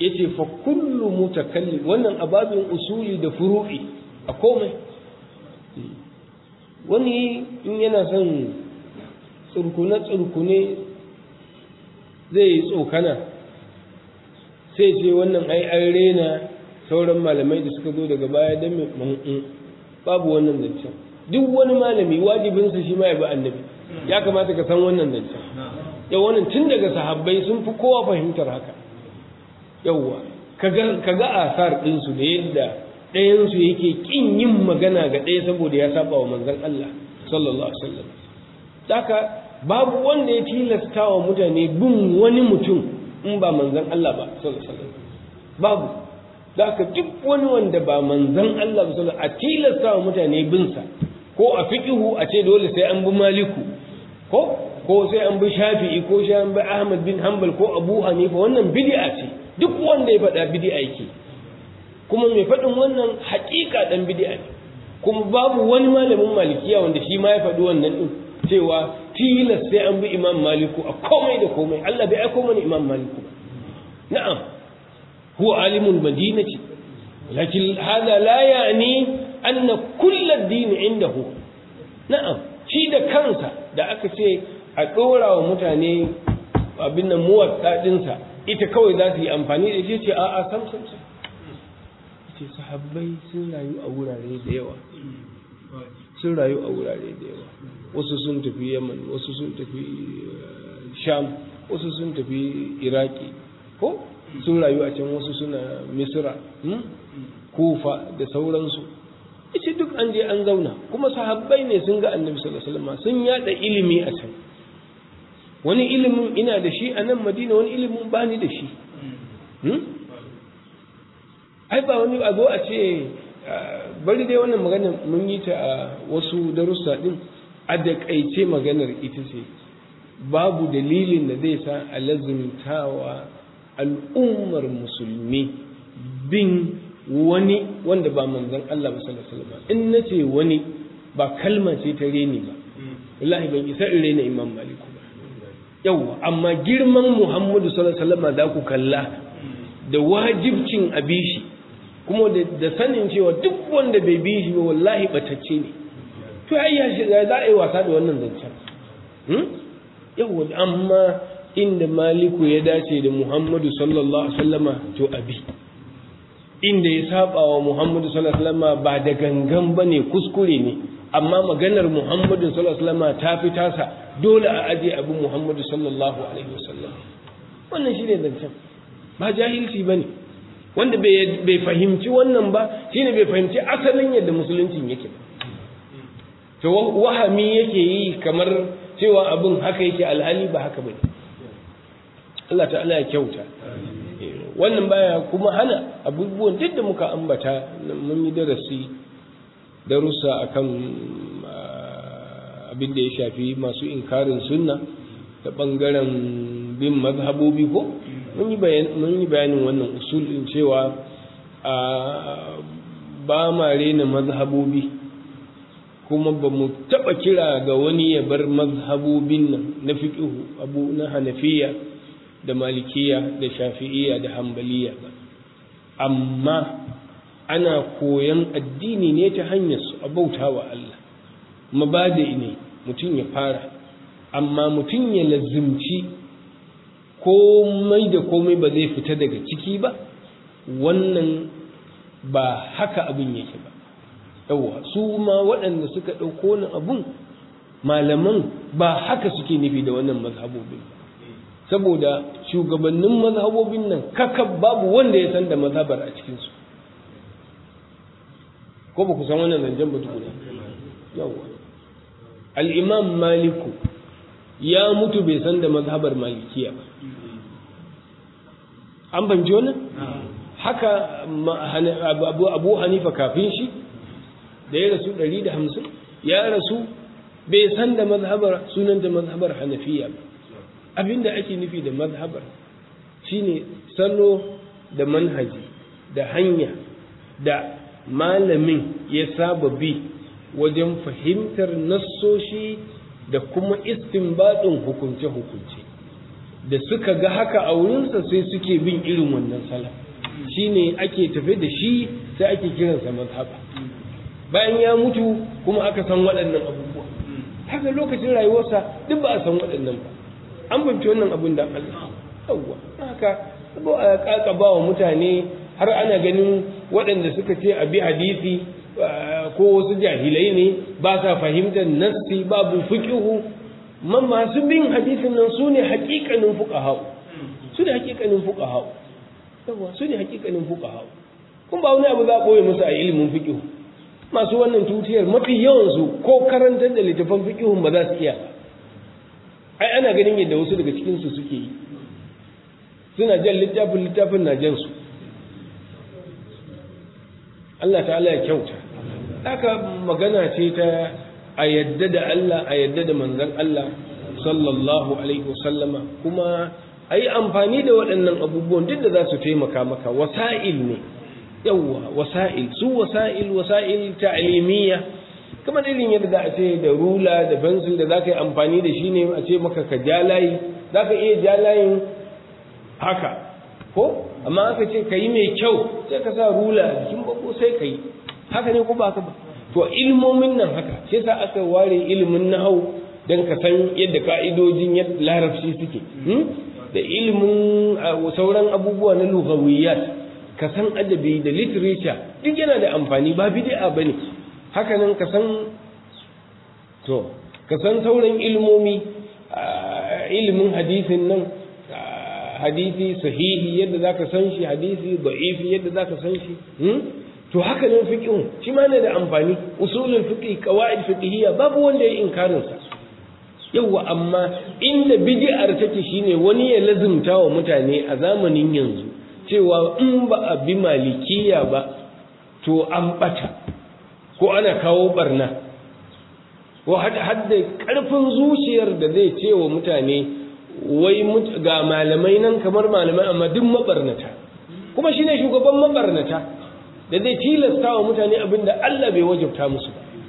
yace fa kullu mutakallim wannan ababin usuli da furu'i a komai wani in yana son tsurkune-tsurkune zai yi tsokana sai ce wannan ai an rena sauran malamai da suka zo daga baya don mai mm, mm. babu wannan zancen duk wani malami wajibinsa shi ma ya bi annabi ya kamata ka san wannan zancen yau wannan tun daga sahabbai sun fi kowa fahimtar haka Yauwa, ka ga asar ɗinsu da yadda ɗayansu yake ƙin yin magana ga ɗaya saboda ya saba wa manzan Allah sallallahu alaihi wasallam haka babu wanda ya tilasta wa mutane bin wani mutum in ba manzan Allah ba sallallahu alaihi wasallam babu haka duk wani wanda ba manzan Allah ba sallallahu a tilasta wa mutane bin sa ko a fiqihu a ce dole sai an bi maliku ko ko sai an bi shafi'i ko sai an bi ahmad bin hanbal ko abu hanifa wannan bid'a ce duk wanda ya faɗa bid'a yake kuma mai faɗin wannan haƙiƙa ɗan bid'a ne kuma babu wani malamin malikiya wanda shi ma ya faɗi wannan ɗin cewa tilas sai an bi imam maliku a komai da komai Allah bai aiko mana imam maliku na'am huwa alimul madinati lakin hada la ya'ni anna kullu din indahu na'am shi da kansa da aka ce a ɗora wa mutane abin nan muwatta ɗinsa ita kawai za su yi amfani da shi ce a'a sam sam sam ce sahabbai sun rayu a wurare da yawa sun rayu a wurare da yawa wasu sun tafi yaman wasu sun tafi eh, sham wasu sun tafi iraki ko sun rayu a can wasu suna misira hmm? kufa da sauransu ita duk an je an zauna kuma sahabbai ne sun ga annabi sallallahu alaihi wasallam sun yada ilimi a can wani ilimin ina da shi a nan madina wani ilimin bani da shi hmm? ai ba wani a zo a ce ah, bari dai wannan magana mun yi ta a wasu darussa din a kaice maganar ita ce babu dalilin da zai sa a lazumtawa al'ummar musulmi bin wani wanda ba manzon Allah ba sallallahu alaihi wasallam in nace wani ba kalma ce ta reni ba wallahi ban isa in rena imam malik ba yawa amma girman muhammadu sallallahu alaihi wasallam za ku kalla da wajibcin abishi kuma da sanin cewa duk wanda bai bi shi ba wallahi batacce ne to ai ya shi za a yi wasa da wannan zancen hmm? yawwa amma inda maliku ya dace da muhammadu sallallahu alaihi wasallama to abi inda ya saba wa muhammadu sallallahu alaihi wasallama ba da gangan bane kuskure ne amma maganar muhammadu sallallahu alaihi wasallama ta fi tasa dole a aje abu muhammadu sallallahu alaihi wasallama wannan ne zancen ba jahilci bane wanda bai fahimci wannan ba shi ne bai fahimci asalin yadda musuluncin yake ba to wahami yake yi kamar cewa abin haka yake al'ali ba haka bane Allah ta'ala ya kyauta wannan baya kuma hana abubuwan duk da muka ambata mun yi darasi darussa akan ah, abin da ya shafi masu inkarin sunna ta ɓangaren bin mazhabobi ko mun yi bayanin wannan usulin cewa ba ma rena mazhabobi kuma ba mu taɓa kira ga wani ya bar mazhabobin nan na fiƙihu abu na hanafiya da malikiya da shafi'iya da hambaliya ba amma ana koyan addini ne ta hanyar su a bautawa Allah mabada ne mutum ya fara amma mutum ya lazimci komai da komai ba zai fita daga ciki ba wannan ba haka abin yake ba yawwa su ma waɗanda suka ɗauko ni abun malaman ba haka suke nufi da wannan mazhabobin saboda shugabannin mazhabobin nan kaka babu wanda ya san da mazhabar a cikinsu ko ba ku san wannan zanjan ba tukuna yawwa al-imam maliku ya mutu bai san da mazhabar malikiya ba an banji wannan haka abu hanifa kafin shi da ya rasu 150 ya rasu bai san da mazhabar sunan da mazhabar hanafiya ba abinda ake nufi da mazhabar shine salo da manhaji da hanya da malamin ya saba bi wajen fahimtar nassoshi da kuma istinbadin hukunce hukunce da suka ga haka a wurinsa sai suke bin irin wannan salaf shine ake tafi da shi sai ake kiransa mazhaba bayan ya mutu kuma aka san waɗannan abubuwa haka lokacin rayuwarsa duk ba a san waɗannan ba an bamce wannan abun da Allah yawwa haka ba a kaka ba wa mutane har ana ganin waɗanda suka ce a bi hadisi ko wasu jahilai ne ba sa fahimtar nassi babu fiqhu man masu bin hadisin nan su ne hakikanin fuqaha su ne hakikanin fuqaha yawa su ne hakikanin fuqaha kun ba wani abu za a koya musu a ilimin fiqhu masu wannan tutiyar mafi yawan su ko karantar da littafan fiqhun ba za su iya ai ana ganin yadda wasu daga cikin su suke yi suna jan littafin littafin na jan su Allah ta'ala ya kyauta haka magana ce ta a yadda da Allah a yadda da manzon Allah sallallahu alaihi wasallama kuma a yi amfani da waɗannan abubuwan duk da za su taimaka maka wasa'il ne yawwa wasa'il su wasa'il wasa'il ta'limiyya kamar irin yadda za a ce da rula da fensil da za ka yi amfani da shi ne a ce maka ka ja layi za ka iya ja layin haka ko amma aka ce ka yi mai kyau sai ka sa rula jikin bako sai ka yi haka ne ko ba haka ba to ilmomin nan haka shi yasa aka ware ilmin nahau dan ka san yadda ka'idojin yadda larabci suke hmm? da ilmin sauran abubuwa na lughawiyat ka san adabi da literature duk yana da amfani ba bid'a bane haka nan ka san to ka san sauran ilmomi ilmin hadisin nan hadisi sahihi yadda zaka san shi hadisi da'ifi yadda zaka san shi hmm? to haka ne fiqhun shi ma ne da amfani usulul fiqh qawaid fiqhiyya babu wanda ya inkarin sa yawa amma inda bid'ar take shine wani ya lazumta wa mutane a zamanin yanzu cewa in ba a bi malikiya ba to an bata ko ana kawo barna ko hadda karfin zuciyar da zai ce wa mutane wai ga malamai nan kamar malamai amma duk mabarnata kuma shine shugaban mabarnata da zai tilasta wa mutane abin da Allah bai wajabta musu ba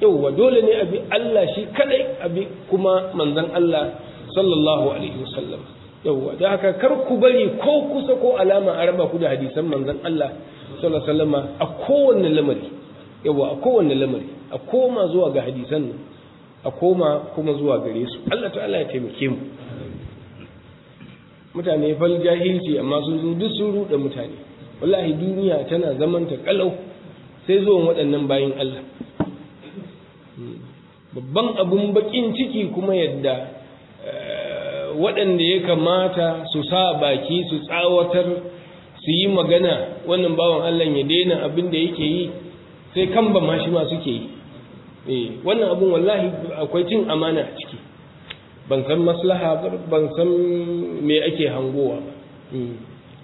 yauwa dole ne abi Allah shi kadai abi kuma manzon Allah sallallahu alaihi wasallam yauwa da haka kar ku bari ko kusa ko alama a raba ku da hadisan manzon Allah sallallahu alaihi wasallam a kowanne lamari yauwa a kowanne lamari a koma zuwa ga hadisan nan a koma kuma zuwa gare su Allah ta'ala ya taimake mu mutane fal jahilci amma sun duk sun ruɗe mutane wallahi duniya tana zamanta kalau sai zuwan waɗannan bayan Allah babban abun bakin ciki kuma yadda eh, waɗanda ya kamata su sa baki su tsawatar su yi magana wannan bawan Allah ya daina abin da yake yi sai kan ba ma shi ma suke yi eh, wannan abun wallahi akwai cin amana a ciki ban san maslaha ban san me ake hangowa ba hmm.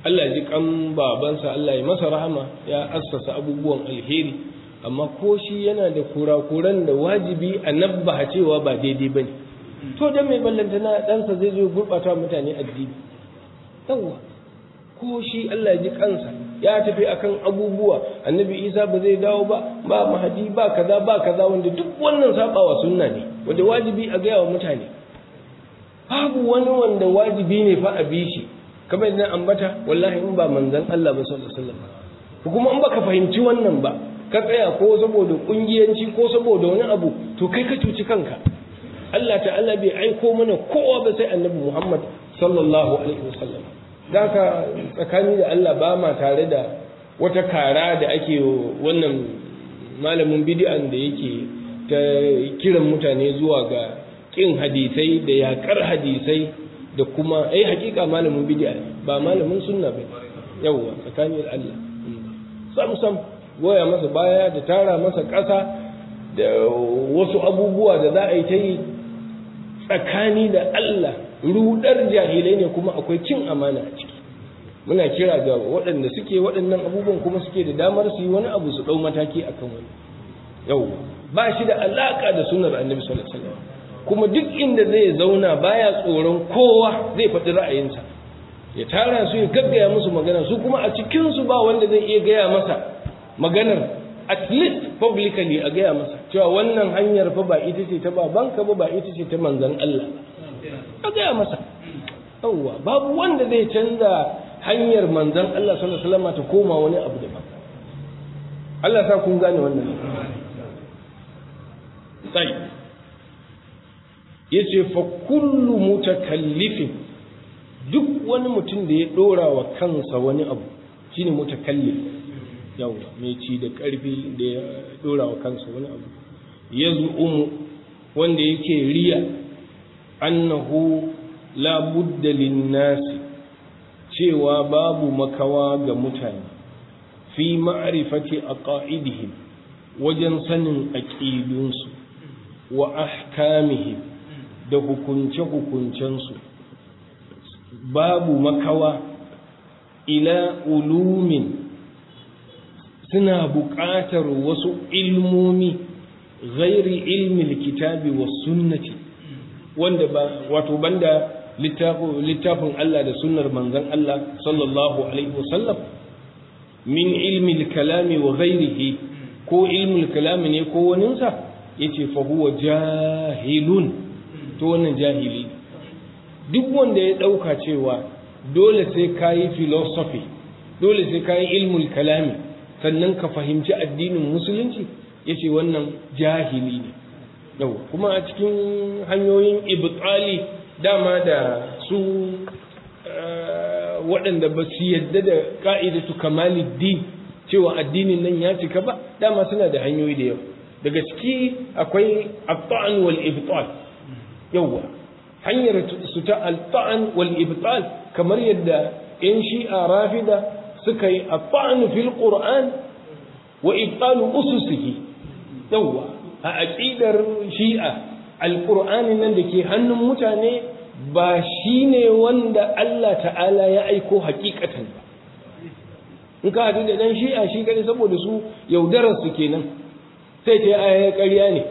Allah ji kan babansa Allah ya masa rahama ya assasa abubuwan alheri amma ko shi yana da kurakuran da wajibi a nabba cewa ba daidai ba ne to dan mai ballanta na ɗansa zai zo gurɓata mutane addini yawwa ko shi Allah ji kansa ya tafi akan abubuwa annabi isa ba zai dawo ba ba mahadi ba kaza ba kaza wanda duk wannan sabawa sunna ne wanda wajibi a gaya wa mutane babu wani wanda wajibi ne fa a bi kamar yadda ambata wallahi in ba manzan Allah ba sallallahu alaihi wasallam kuma in baka fahimci wannan ba ka tsaya ko saboda kungiyanci ko saboda wani abu to kai ka cuci kanka Allah ta'ala bai aiko mana kowa ba sai annabi Muhammad sallallahu alaihi wasallam daka tsakani da Allah ba ma tare da wata kara da ake wannan malamin bid'an da yake ta kiran mutane zuwa ga kin hadisai da yakar hadisai da kuma ai eh, hakika malamin bid'a ba malamin sunna ba tsakanin Allah sam sam goya masa baya da tara masa ƙasa da wasu abubuwa da za a yi ta yi tsakani da Allah rudar jahilai ne kuma akwai cin amana a ciki muna kira ga waɗanda suke waɗannan abubuwan kuma suke da damar su yi wani abu su ɗau mataki akan wani yau ba shi da alaƙa da sunnar annabi sallallahu alaihi wasallam kuma duk inda zai zauna baya tsoron kowa zai faɗi ra'ayinsa ya tara su ya gaggaya musu magana su kuma a cikin su ba wanda zai iya gaya masa maganar at least publicly a gaya masa cewa wannan hanyar fa ba ita ce ta babanka ba ba ita ce ta manzon Allah a gaya masa yawwa babu wanda zai canza hanyar manzon Allah sallallahu alaihi wasallam ta koma wani abu da ba. Allah sa kun gane wannan sai yace fa kullu mutakallifin duk wani mutum da ya dora wa kansa wani abu shine mutakallif yawa mai ci da karfi da ya dora wa kansa wani abu yaz'umu wanda yake riya annahu la budda linnasi cewa babu makawa ga mutane fi ma'rifati aqaidihim wajen sanin aqidunsu wa ahkamihim da hukunce-hukuncensu babu makawa ila ulumin suna buƙatar wasu ilmomi ghairi ilmin kitabi wa sunnati wanda ba wato banda littafin Allah da sunnar manzon Allah sallallahu alaihi wasallam min ilmi kalami wa ghairihi ko ilmul kalami ne ko waninsa yace fa huwa jahilun to wannan jahili duk wanda ya ɗauka cewa dole sai ka yi philosophy dole sai ka yi ilmul kalami sannan ka fahimci addinin musulunci yace wannan jahili ne yau kuma a cikin hanyoyin ibtali dama da su eh, waɗanda ba su yadda da ka'idatu din cewa addinin nan ya cika ba dama suna da hanyoyi da yau daga ciki akwai abta'an wal ibtali yawwa hanyar su ta alfa'an wal ibtal kamar yadda yan shi'a rafida suka yi al fil qur'an wa ibtal ususihi yawwa a aqidar shi'a al nan da ke hannun mutane ba shine wanda Allah ta'ala ya aiko hakikatan ba in ka haɗu da ɗan shi'a shi kare saboda su yaudarar su kenan sai ta yi ƙarya ne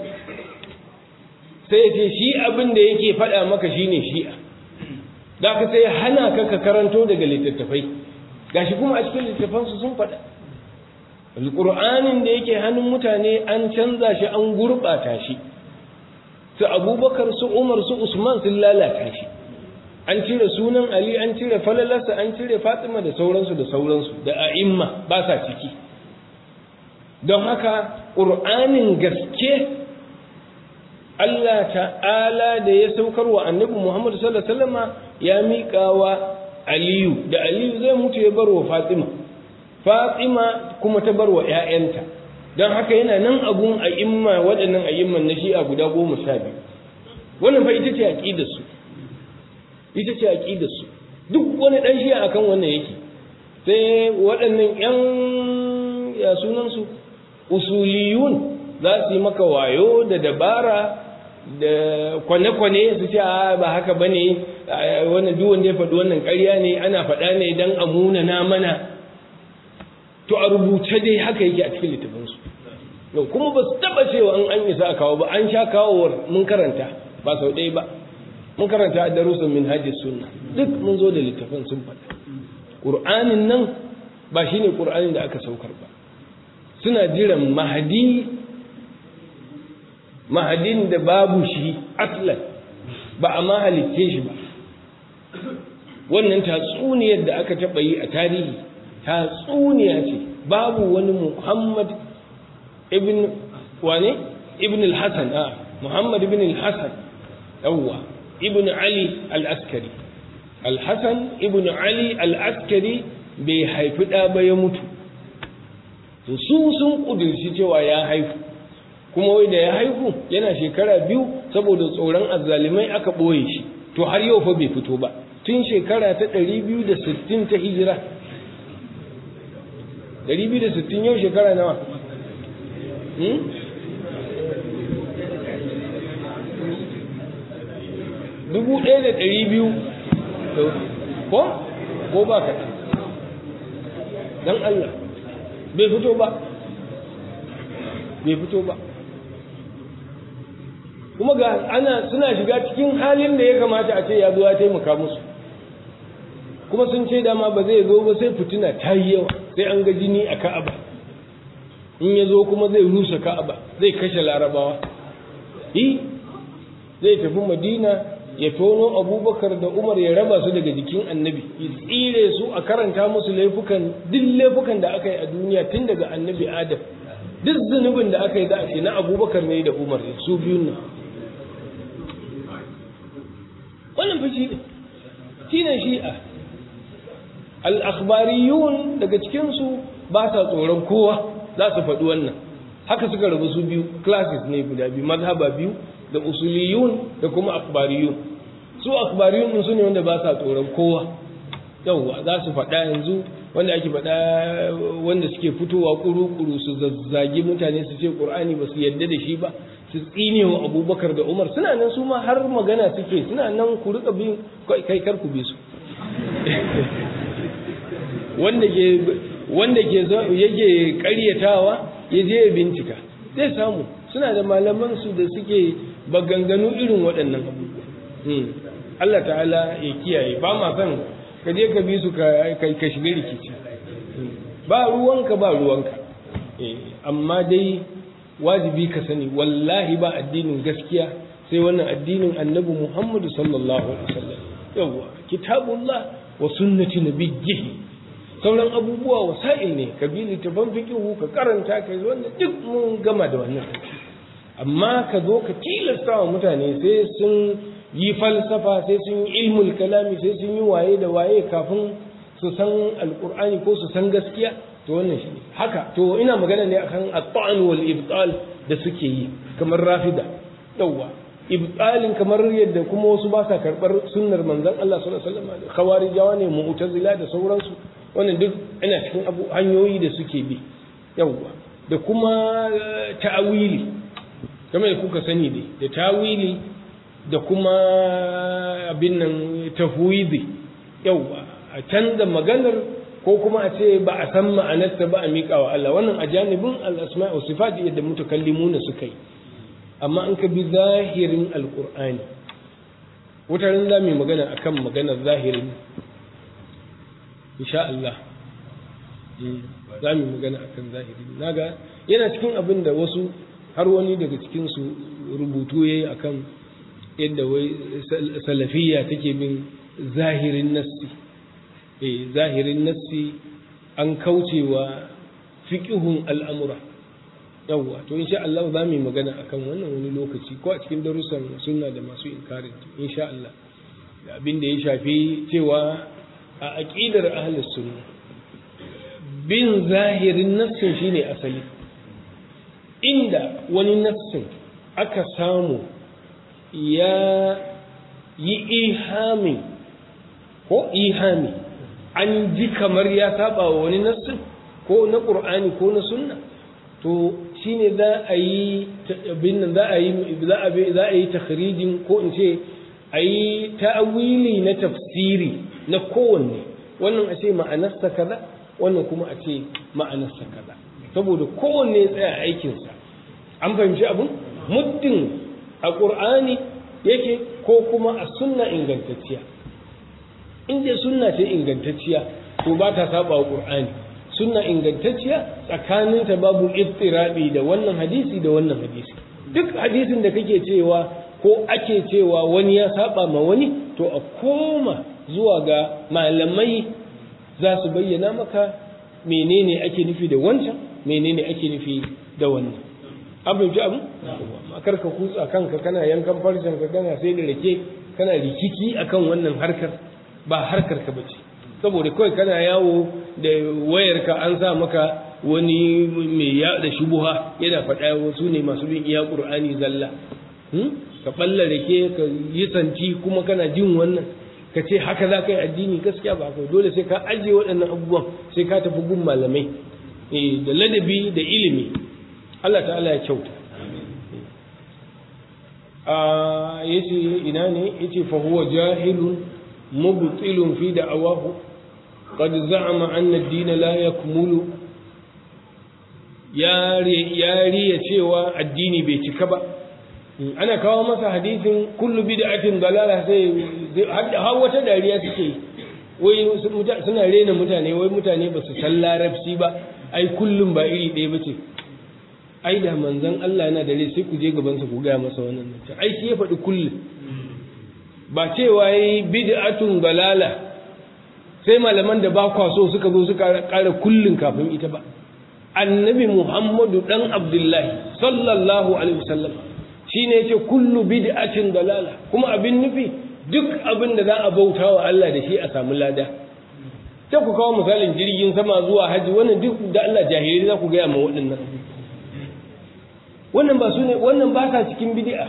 sai ce shi abin da yake faɗa maka shine shi'a da ka sai hana ka karanto daga littattafai gashi kuma a cikin littattafansu sun faɗa alƙur'anin da yake hannun mutane an canza shi an gurɓata shi su abubakar su umar su usman sun lalata shi an cire sunan ali an cire falalarsa an cire fatima da sauransu da sauransu da a'imma ba sa ciki don haka ƙur'anin gaske Allah ta'ala da ya saukar wa annabi Muhammad sallallahu alaihi wasallam ya wa Aliyu da Aliyu zai mutu ya bar wa Fatima Fatima kuma ta bar wa ‘ya'yanta don haka yana nan abun a imma waɗannan a imman na shi'a guda goma sha biyu wannan fa ita ce su? ita ce su? duk wani ɗan shi'a akan wannan yake sai waɗannan ‘yan ya sunansu usuliyun za su yi maka wayo da dabara da kwane-kwane su ce a ba haka ba ne wannan duk da ya faɗi wannan ƙarya ne ana faɗa ne don a munana mana to a rubuce dai haka yake a cikin littafinsu kuma ba su taɓa cewa an an isa a kawo ba an sha kawowar mun karanta ba sau ɗaya ba mun karanta a darussan min hajji sunna duk mun zo da littafin sun faɗa ƙur'anin nan ba ne ƙur'anin da aka saukar ba suna jiran mahadi mahadin da babu shi atlan ba a ma shi ba wannan tatsuniyar da aka taɓa yi a tarihi tatsuniya ce babu wani muhammad ibn wane ibn al-hasan a muhammad ibn al-hasan yawwa ibn ali al-askari al-hasan ibn ali al-askari bai haifi ɗa ba ya mutu su sun ƙudurci cewa ya haifu kuma wai da ya haihu yana shekara biyu saboda tsoron azzalimai aka ɓoye shi to har yau fa bai fito ba tun shekara ta ɗari biyu da sittin ta hijira ɗari biyu da sittin yau shekara nawa hmm? dubu ɗaya da ɗari biyu ko ko ba ka Dan Allah bai fito ba bai fito ba kuma ga ana suna shiga cikin halin da ya kamata a ce ya zo ya taimaka musu kuma sun ce dama ba zai zo ba sai fitina ta yi yawa sai an ga jini a ka'aba in ya zo kuma zai rusa ka'aba zai kashe larabawa yi zai tafi madina ya tono abubakar da umar ya raba su daga jikin annabi ya tsire su a karanta musu laifukan duk laifukan da aka yi a duniya tun daga annabi adam duk zunubin da aka yi za a ce na abubakar ne da umar su biyun nan laifin shi daga cikinsu ba sa tsoron kowa za su faɗi wannan haka suka rabu su biyu classes ne guda biyu mazhaba biyu da usuliyun da kuma akhbariyun su akhbariyun din su ne wanda ba sa tsoron kowa yawwa za su faɗa yanzu wanda ake faɗa wanda suke fitowa kuru-kuru su zazzagi mutane su ce Qur'ani ba su yadda da shi ba su tsine wa abubakar da umar suna nan su ma har magana suke suna nan ku rika bin kai kar ku bi su wanda ke wanda yake karyatawa ya je ya bincika zai samu suna da malaman su da suke baganganu irin waɗannan hmm. Allah ta'ala ya kiyaye ba ma san ka je ka bi su ka shiga rikici hmm. ba ruwanka ba ruwanka eh, amma dai wajibi ka sani wallahi ba addinin gaskiya sai wannan addinin annabi Muhammadu sallallahu alaihi wasallam yawwa kitabullah wa sunnati nabiyhi sauran abubuwa wasa'il ne ka bi littafan fiqhu ka karanta kai wannan duk mun gama da wannan amma ka zo ka tilasta wa mutane sai sun yi falsafa sai sun yi ilmul kalami sai sun yi waye da waye kafin su san Alƙur'ani ko su san gaskiya to wannan shi haka to ina magana ne akan at-ta'n wal ibtal da suke yi kamar rafida yawwa ibtalin kamar yadda kuma wasu ba sa karbar sunnar manzon Allah sallallahu alaihi wasallam khawarijawa ne mu'tazila da sauransu wannan duk ina cikin abu hanyoyi da suke bi yawwa da kuma eh, ta'awili kamar da kuka sani dai da ta'awili da kuma eh, abin nan tahwidi yawwa a canza maganar ko kuma a ce ba a san ma'anarta ba a miƙa wa Allah wannan a janibin al-asma'i wa sifat yadda mutakallimuna suka yi amma an ka bi zahirin alqur'ani ran za mu magana akan maganar zahirin insha Allah eh, za mu magana akan zahirin naga yana cikin abin da wasu har wani daga cikin su rubutu yayi akan yadda wai salafiyya take bin zahirin nassi zahirin nassi an kaucewa fiƙihun al'amura yawwa to insha Allah za mu yi magana akan wannan wani lokaci ko a cikin darussan sunna da masu inkarin insha Allah da abin da ya shafi cewa a aƙidar ahlus sunna bin zahirin nassin shine asali inda wani nassin aka samu ya yi ihami ko ihami an ji kamar ya saba wa wani nassin ko na ƙur'ani ko na sunna to shine za a yi abin za a yi za a yi takhrijin ko in ce a yi ta'awili na tafsiri na kowanne wannan a ce ma'anarsa kaza wannan kuma a ce ma'anarsa kaza saboda kowanne ya tsaya aikinsa an fahimci abin muddin a ƙur'ani yake ko kuma a sunna ingantacciya in dai sunna ce ingantacciya to ba ta saba wa qur'ani sunna ingantacciya tsakaninta babu iftirabi da wannan hadisi da wannan hadisi duk hadisin da kake cewa ko ake cewa wani ya saba ma wani to a koma zuwa ga malamai za su bayyana maka menene ake nufi da wancan menene ake nufi da wannan abin ji abu makar ka kutsa kanka kana yankan farcen ka kana sai da rake kana rikiki akan wannan harkar ba harkar ka bace saboda kawai kana yawo da wayarka an sa maka wani mai da shubuha yana faɗa wasu ne masu bin iya ƙur'ani zalla hmm? ka balla rake ka yi santi kuma kana jin wannan ka ce haka za ka yi addini gaskiya ba kai dole sai ka ajiye waɗannan abubuwan sai ka tafi gun malamai eh, da ladabi da ilimi Allah ta'ala ya kyauta a ah, yace ina ne yace fa huwa jahilun مبطل في دعواه قد زعم أن الدين لا يكمل يا ري cewa addini bai cika ba ana kawo masa hadisin kullu bid'atin dalala sai har wata dariya suke wai suna rena mutane wai mutane ba su san larabci ba ai kullum ba iri ɗaya ba ce ai da manzon Allah yana da rai sai ku je gaban ku gaya masa wannan ai shi ya faɗi kullum ba cewa yi bid'atun balala sai malaman da ba so suka zo suka ƙara kullun kafin ita ba annabi muhammadu dan abdullahi sallallahu alaihi wasallam shine yace kullu bid'atin dalala kuma abin nufi duk abin da za a bauta wa Allah da shi a samu lada Ta ku kawo misalin jirgin sama zuwa haji wannan duk da Allah jahili za ku gaya ma waɗannan wannan ba su ne wannan ba sa cikin bid'a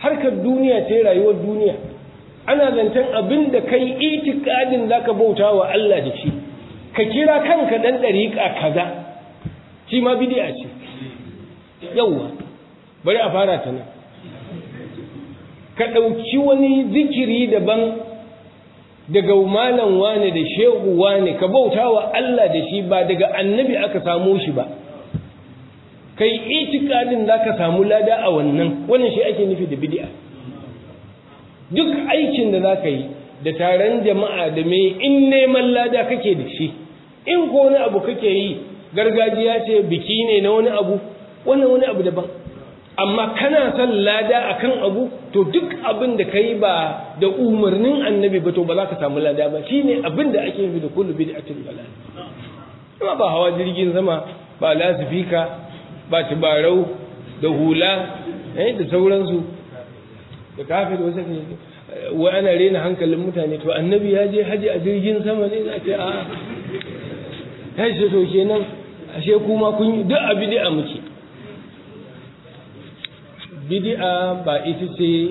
harkar duniya ce rayuwar duniya ana zancen abin da kai itikadin zaka bauta wa Allah da shi ka kira kanka ɗari dariƙa kaza shi ma bid'a ce yawa bari a fara ta nan ka ɗauki wani zikiri daban daga malam wane da shehu wane ka bauta wa Allah da shi ba daga annabi aka samu shi ba kai itikadin za ka samu lada a wannan wannan shi ake nufi da bidi'a duk aikin da za ka yi da taron jama'a da mai in neman lada kake da shi in ko wani abu kake yi gargajiya ce biki ne na wani abu wannan wani abu daban amma kana son lada akan abu to duk abin da ka yi ba da umarnin annabi ba to ba za ka samu lada ba Shi ne abin da ake yi da kullu bid'atin bala kuma ba hawa jirgin sama ba lasifika ba tibarau da hula eh, da sauransu da kafir wasu ne wa ana rena hankalin mutane to annabi ya je haji a jirgin sama ne za ce a ya ce to kenan ashe kuma kun yi duk a bid'a muke Bidi'a ba ita ce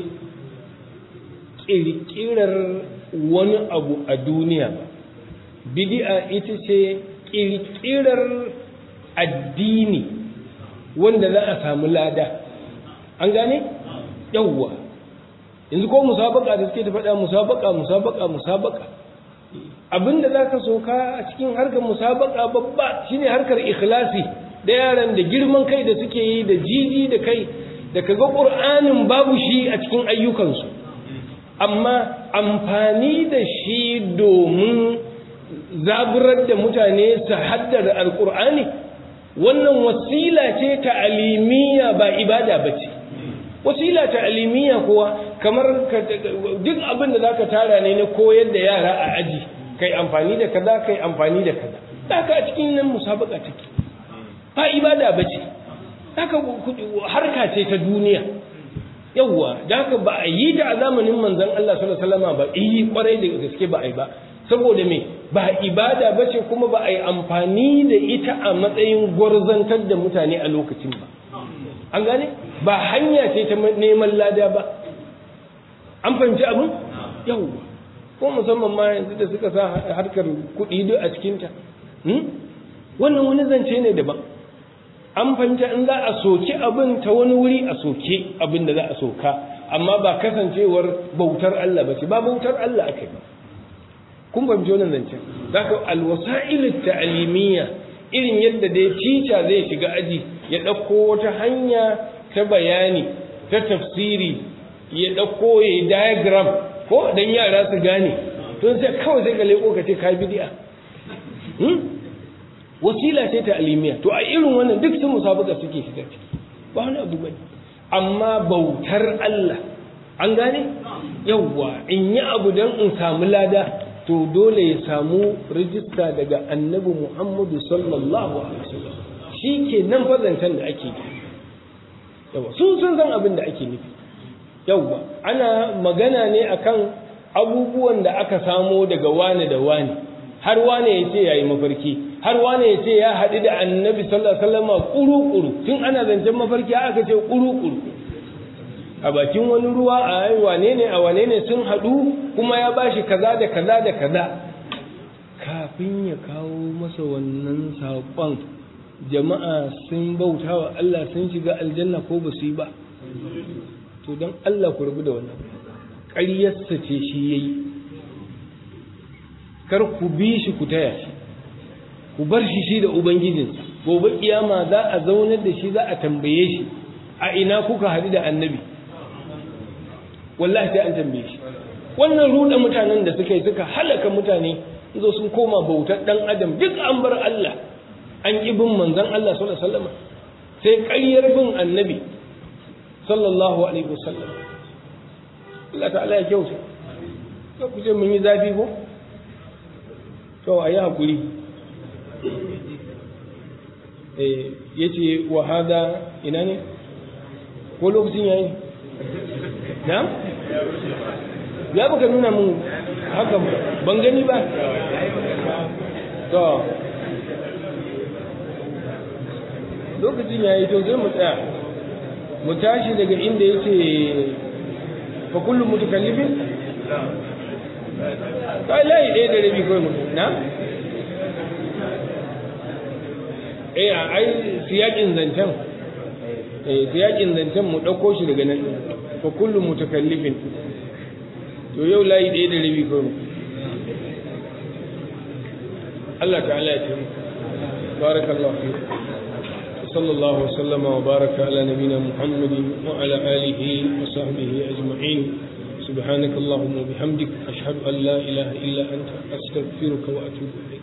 kirkirar wani abu a duniya ba Bidi'a ita ce kirkirar addini wanda za a samu lada an gane yawwa yanzu ko musabaka da suke da faɗa musabaka musabaka musabaka abinda za ka soka a cikin harkar musabaka babba shine harkar ikhlasi da yaran da girman kai da suke yi da jiji da kai da kaga ƙur'anin babu shi a cikin ayyukansu amma amfani da shi domin zaburar da mutane su haddar alƙur'ani wannan wasila ce ta alimiya ba ibada ba ce wasila ta alimiya kuwa kamar duk abin da zaka tara ne na koyar da yara a aji kai amfani da kaza kai amfani da kaza haka a cikin nan musabaka take ba ibada bace haka harka ce ta duniya yawwa da haka ba a yi da a zamanin manzon Allah sallallahu alaihi wasallam ba yi kwarai da gaske ba a yi ba saboda me ba ibada bace kuma ba a yi amfani da ita a matsayin gwarzantar da mutane a lokacin ba an gane ba hanya ce ta neman lada ba an fahimci abin yawwa ko musamman ma yanzu da suka sa harkar kuɗi duk a cikinta hmm? wannan wani zance ne daban an fahimta in za a soke abin ta wani wuri a soke abin da za a soka amma ba kasancewar bautar Allah ba ce ba bautar Allah aka yi kun fahimci wannan zancen za ka alwasa'ilu ta'alimiyya irin yadda dai cica zai shiga aji ya ɗauko wata hanya ta bayani ta tafsiri ya ɗauko ya yi diagram ko don yara su gane tun sai kawai zai ka ko ka ce ka bidiya hmm? wasila ce ta alimiya to a irin wannan duk sun musabaka suke shiga ciki ba wani abu bane amma bautar Allah an gane yawwa in yi abu don in samu lada to dole ya samu rijista daga annabi Muhammadu sallallahu alaihi wasallam shi ke nan fazantar da ake yi sun sun san abin da ake nufi yauwa ana magana ne akan abubuwan da aka samo daga wane da wane har wane ya ce yayi mafarki har wane ya ce ya haɗu da annabi sallallahu alaihi wasallam tun ana zancen mafarki aka ce ƙuru-ƙuru. a bakin wani ruwa a wane ne a wane ne sun haɗu kuma ya bashi kaza da kaza da kaza kafin ya kawo masa wannan saƙon jama'a sun bauta wa Allah sun shiga aljanna ko ba su yi ba to don Allah ku rubu da wannan ƙaryarsa ce shi ya yi kar ku bi shi ku taya shi ku bar shi shi da ubangijin gobe kiyama za a zaunar da shi za a tambaye shi a ina kuka haɗu da annabi wallahi sai an tambaye shi wannan ruɗa mutanen da suka yi suka halaka mutane zo sun koma bautar ɗan adam duk an bar Allah an ƙi bin manzon Allah sallallahu alaihi wasallam sai ƙaryar bin annabi sallallahu alaihi wasallam Allah ta'ala ya kyauta ko ku mun yi zafi ko to ayi hakuri eh yace wa hada ina ne ko lokacin yayi na ya baka nuna mun haka ban gani ba to lokacin yayi to zai mu tsaya mu tashi daga inda ya ce fa kullum kullu mutakallifin kai layi ɗaya da rabi kawai mutum na eh a ai siyakin zancen eh siyakin zancen mu ɗauko shi daga nan fa kullum kullu mutakallifin to yau layi ɗaya da rabi kawai Allah ta'ala ya ce barakallahu fiik وصلى الله وسلم وبارك على نبينا محمد وعلى آله وصحبه أجمعين سبحانك اللهم وبحمدك أشهد أن لا إله إلا أنت أستغفرك وأتوب إليك